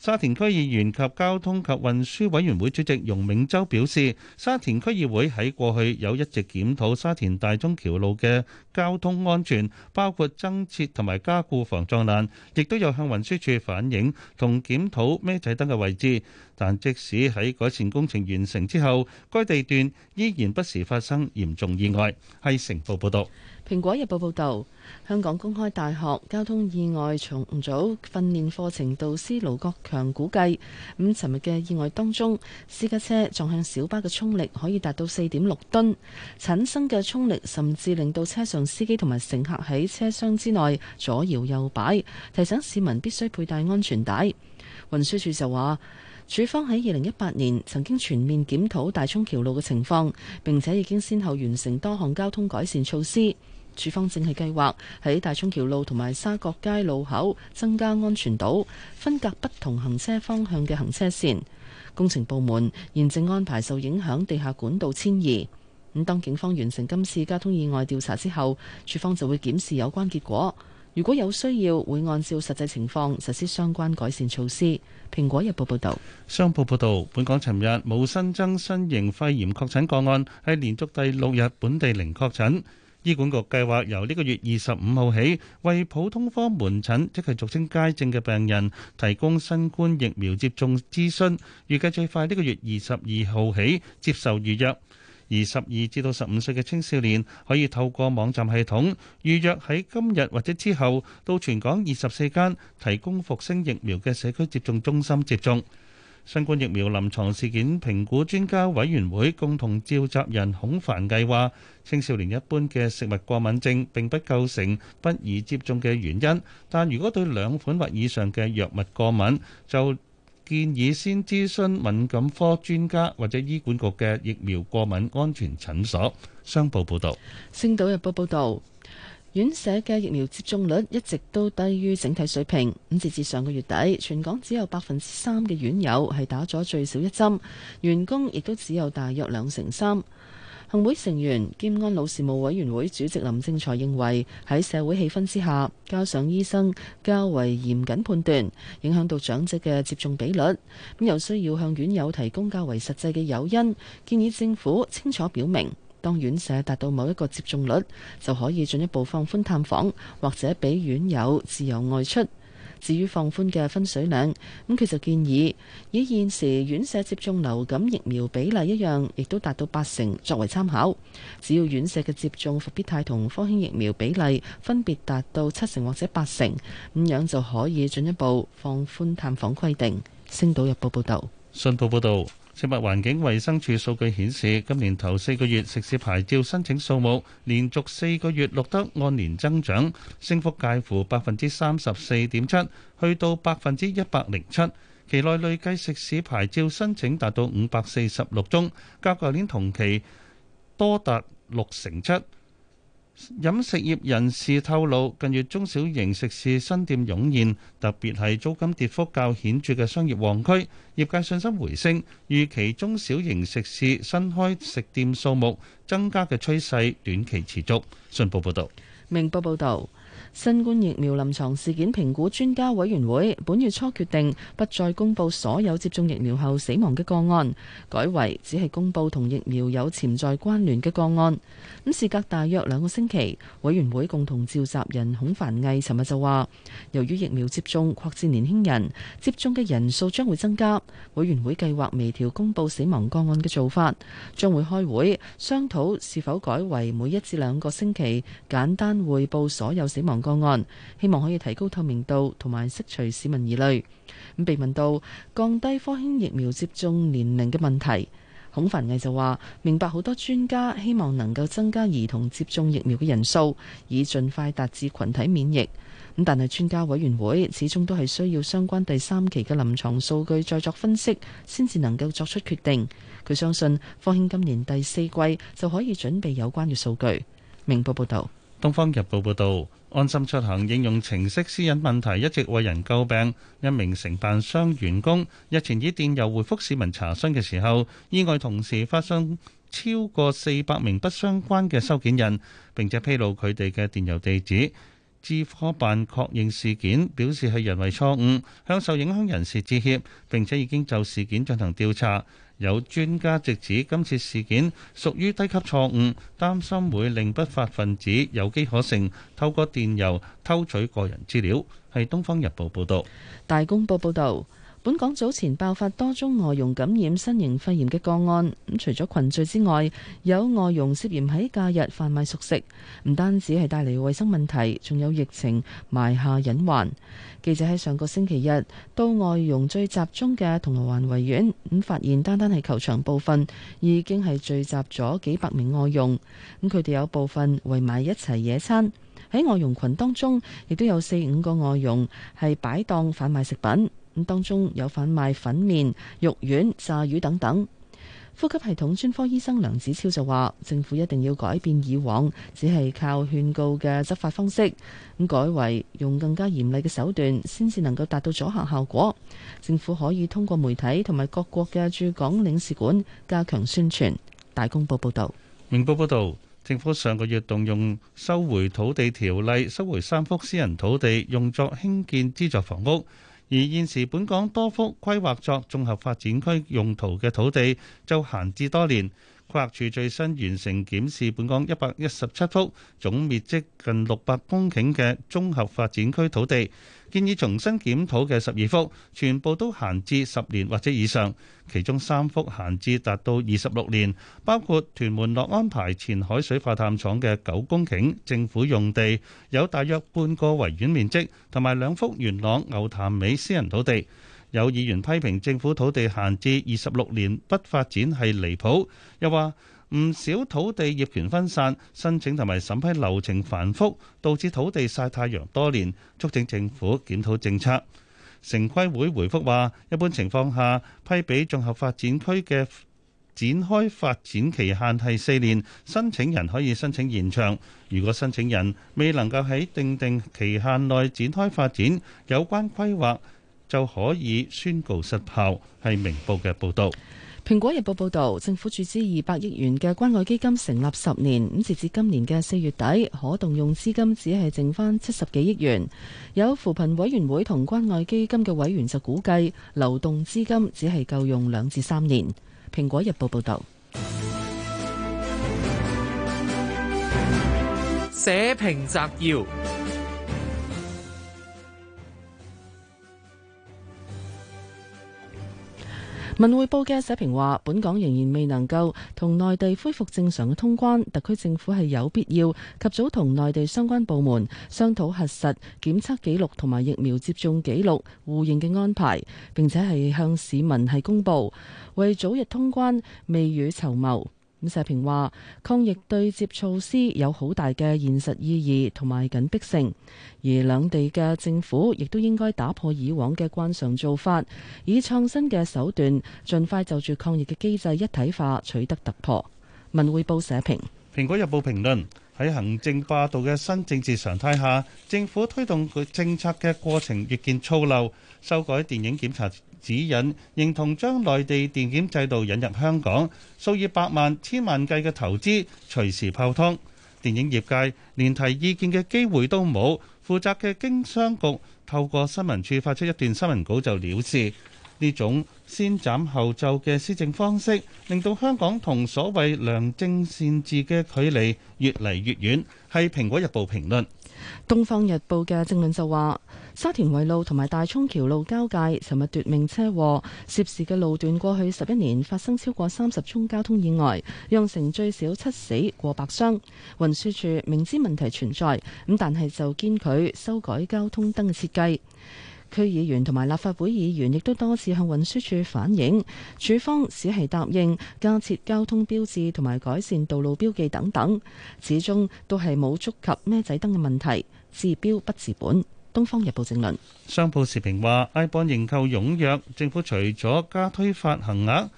沙田區議員及交通及運輸委員會主席容銘洲表示，沙田區議會喺過去有一直檢討沙田大中橋路嘅交通安全，包括增設同埋加固防撞欄，亦都有向運輸處反映同檢討孭仔燈嘅位置。但即使喺改善工程完成之後，該地段依然不時發生嚴重意外。係成報報道。
《蘋果日報》報導，香港公開大學交通意外重組訓練課程導師盧國強估計，咁尋日嘅意外當中，私家車撞向小巴嘅衝力可以達到四點六噸，產生嘅衝力甚至令到車上司機同埋乘客喺車廂之內左搖右擺，提醒市民必須佩戴安全帶。運輸署就話，署方喺二零一八年曾經全面檢討大涌橋路嘅情況，並且已經先後完成多項交通改善措施。署方正係計劃喺大涌橋路同埋沙角街路口增加安全島，分隔不同行車方向嘅行車線。工程部門現正安排受影響地下管道遷移。咁當警方完成今次交通意外調查之後，署方就會檢視有關結果，如果有需要，會按照實際情況實施相關改善措施。《蘋果
日報》報道，《商報》報道，本港尋日冇新增新型肺炎確診個案，喺連續第六日本地零確診。醫管局計劃由呢個月二十五號起，為普通科門診即係俗稱街症嘅病人提供新冠疫苗接種諮詢，預計最快呢個月二十二號起接受預約。而十二至到十五歲嘅青少年可以透過網站系統預約，喺今日或者之後到全港二十四間提供復星疫苗嘅社區接種中心接種。新冠疫苗臨牀事件評估專家委員會共同召集人孔繁毅話，青少年一般嘅食物過敏症並不構成不宜接種嘅原因，但如果對兩款或以上嘅藥物過敏，就建議先諮詢敏感科專家或者醫管局嘅疫苗過敏安全診所。商報報道，
星島日報報道。院舍嘅疫苗接種率一直都低於整體水平。咁截至上個月底，全港只有百分之三嘅院友係打咗最少一針，員工亦都只有大約兩成三。行會成員兼安老事務委員會主席林正財認為，喺社會氣氛之下，加上醫生較為嚴謹判斷，影響到長者嘅接種比率。咁又需要向院友提供較為實際嘅誘因，建議政府清楚表明。當院舍達到某一個接種率，就可以進一步放寬探訪，或者俾院友自由外出。至於放寬嘅分水嶺，咁佢就建議以現時院舍接種流感疫苗比例一樣，亦都達到八成作為參考。只要院舍嘅接種伏必泰同科興疫苗比例分別達到七成或者八成，咁樣就可以進一步放寬探訪規定。星島日報報道。
信報報道。食物環境衞生署數據顯示，今年頭四個月食肆牌照申請數目連續四個月錄得按年增長，升幅介乎百分之三十四點七，去到百分之一百零七。期內累計食肆牌照申請達到五百四十六宗，較舊年同期多達六成七。飲食業人士透露，近月中小型食肆新店湧現，特別係租金跌幅較顯著嘅商業旺區，業界信心回升，預期中小型食肆新開食店數目增加嘅趨勢短期持續。信報報導，
明報報導。新冠疫苗臨牀事件評估專家委員會本月初決定不再公布所有接種疫苗後死亡嘅個案，改為只係公布同疫苗有潛在關聯嘅個案。咁事隔大約兩個星期，委員會共同召集人孔繁毅尋日就話，由於疫苗接種擴至年輕人，接種嘅人數將會增加，委員會計劃微調公布死亡個案嘅做法，將會開會商討是否改為每一至兩個星期簡單匯報所有死亡。個案，希望可以提高透明度，同埋釋除市民疑慮。咁被問到降低科興疫苗接種年齡嘅問題，孔凡毅就話明白好多專家希望能夠增加兒童接種疫苗嘅人數，以盡快達至群體免疫。咁但係專家委員會始終都係需要相關第三期嘅臨床數據再作分析，先至能夠作出決定。佢相信科興今年第四季就可以準備有關嘅數據。明報報道、
東方日報報道。安心出行應用程式私隱問題一直為人詬病。一名承辦商員工日前以電郵回覆市民查詢嘅時候，意外同時發送超過四百名不相關嘅收件人，並且披露佢哋嘅電郵地址。資科辦確認事件，表示係人為錯誤，向受影響人士致歉，並且已經就事件進行調查。有專家直指今次事件屬於低級錯誤，擔心會令不法分子有機可乘，透過電郵偷取個人資料。係《東方日報》報導，
《大公報》報導。本港早前爆發多宗外傭感染新型肺炎嘅個案，咁除咗群聚之外，有外傭涉嫌喺假日販賣熟食，唔單止係帶嚟衞生問題，仲有疫情埋下隱患。記者喺上個星期日到外傭最集中嘅銅鑼灣維園，咁發現單單係球場部分已經係聚集咗幾百名外傭，咁佢哋有部分圍埋一齊野餐，喺外傭群當中亦都有四五個外傭係擺檔販賣食品。咁當中有販賣粉麵、肉丸、炸魚等等。呼吸系統專科醫生梁子超就話：政府一定要改變以往只係靠勸告嘅執法方式，咁改為用更加嚴厲嘅手段，先至能夠達到阻嚇效果。政府可以通過媒體同埋各國嘅駐港領事館加強宣傳。大公報報道。
明報報道，政府上個月動用收回土地條例，收回三幅私人土地用作興建資助房屋。而現時本港多幅規劃作綜合發展區用途嘅土地，就閒置多年。規劃署最新完成檢視本港一百一十七幅總面積近六百公頃嘅綜合發展區土地。建議重新檢討嘅十二幅，全部都閒置十年或者以上，其中三幅閒置達到二十六年，包括屯門樂安排前海水化淡廠嘅九公頃政府用地，有大約半個維園面積，同埋兩幅元朗牛潭尾私人土地。有議員批評政府土地閒置二十六年不發展係離譜，又話，唔少土地業權分散，申請同埋審批流程繁複，導致土地曬太陽多年。促請政府檢討政策。城規會回覆話：一般情況下，批俾綜合發展區嘅展開發展期限係四年，申請人可以申請延長。如果申請人未能夠喺定定期限內展開發展，有關規劃就可以宣告失效。係明報嘅報導。
蘋果日報報道，政府注資二百億元嘅關愛基金成立十年，咁截至今年嘅四月底，可動用資金只係剩返七十幾億元。有扶貧委員會同關愛基金嘅委員就估計，流動資金只係夠用兩至三年。蘋果日報報道。社評摘要。文匯報嘅社評話，本港仍然未能夠同內地恢復正常嘅通關，特區政府係有必要及早同內地相關部門商討核實檢測記錄同埋疫苗接種記錄互認嘅安排，並且係向市民係公布，為早日通關未雨綢繆。社評話，抗疫對接措施有好大嘅現實意義同埋緊迫性，而兩地嘅政府亦都應該打破以往嘅慣常做法，以創新嘅手段，盡快就住抗疫嘅機制一體化取得突破。文匯報
社評，蘋果日報評論。喺行政霸道嘅新政治常態下，政府推動政策嘅過程越見粗陋。修改電影檢查指引，認同將內地電檢制度引入香港，數以百萬、千萬計嘅投資隨時泡湯。電影業界連提意見嘅機會都冇，負責嘅經商局透過新聞處發出一段新聞稿就了事。呢種先斬後奏嘅施政方式，令到香港同所謂良政善治嘅距離越嚟越遠。係《蘋果日報》評論，
《東方日報》嘅政論就話：沙田圍路同埋大涌橋路交界，尋日奪命車禍涉事嘅路段，過去十一年發生超過三十宗交通意外，釀成最少七死過百傷。運輸處明知問題存在，咁但係就堅拒修改交通燈嘅設計。區議員同埋立法會議員亦都多次向運輸署反映，署方只係答應架設交通標誌同埋改善道路標記等等，始終都係冇觸及孭仔燈嘅問題，治標不
治本。《東方日報》正論。商報時評話，埃邦認購踴躍，政府除咗加推發行額。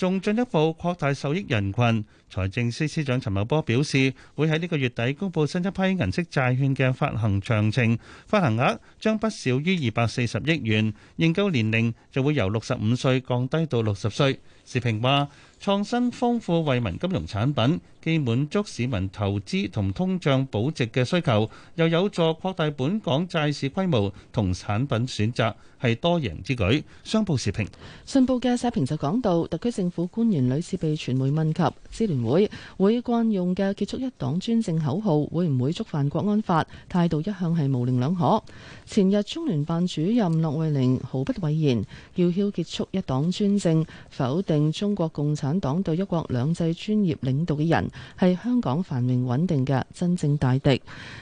仲進一步擴大受益人群。財政司司長陳茂波表示，會喺呢個月底公佈新一批銀色債券嘅發行詳情，發行額將不少於二百四十億元，認購年齡就會由六十五歲降低到六十歲。時評話：創新豐富惠民金融產品。既滿足市民投資同通脹保值嘅需求，又有助擴大本港債市規模同產品選擇，係多贏之舉。商報時評
信報嘅社評就講到，特區政府官員屢次被傳媒問及支聯會會，會慣用嘅結束一黨專政口號會唔會觸犯國安法，態度一向係模棱兩可。前日中聯辦主任駱惠寧毫不諱言，要囂結束一黨專政，否定中國共產黨對一國兩制專業領導嘅人，係香港繁榮穩定嘅真正大敵。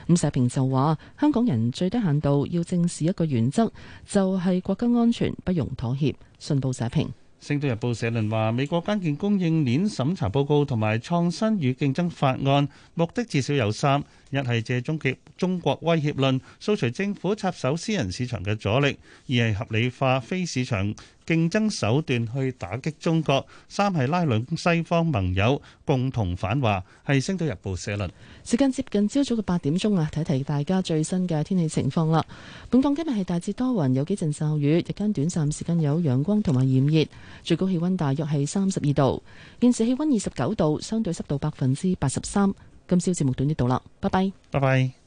咁社評就話：香港人最低限度要正視一個原則，就係、是、國家安全不容妥協。信報社
評。《星島日報》社論話：美國關鍵供應鏈審查報告同埋創新與競爭法案目的至少有三。一係借中極中國威脅論掃除政府插手私人市場嘅阻力，二係合理化非市場競爭手段去打擊中國，三係拉攏西方盟友共同反華，係《星島日報》社論。
時間接近朝早嘅八點鐘啊，睇睇大家最新嘅天氣情況啦。本港今日係大致多雲，有幾陣驟雨，日間短暫時間有陽光同埋炎熱，最高氣温大約係三十二度，現時氣温二十九度，相對濕度百分
之八十三。今朝節目到呢度啦，拜拜，拜拜。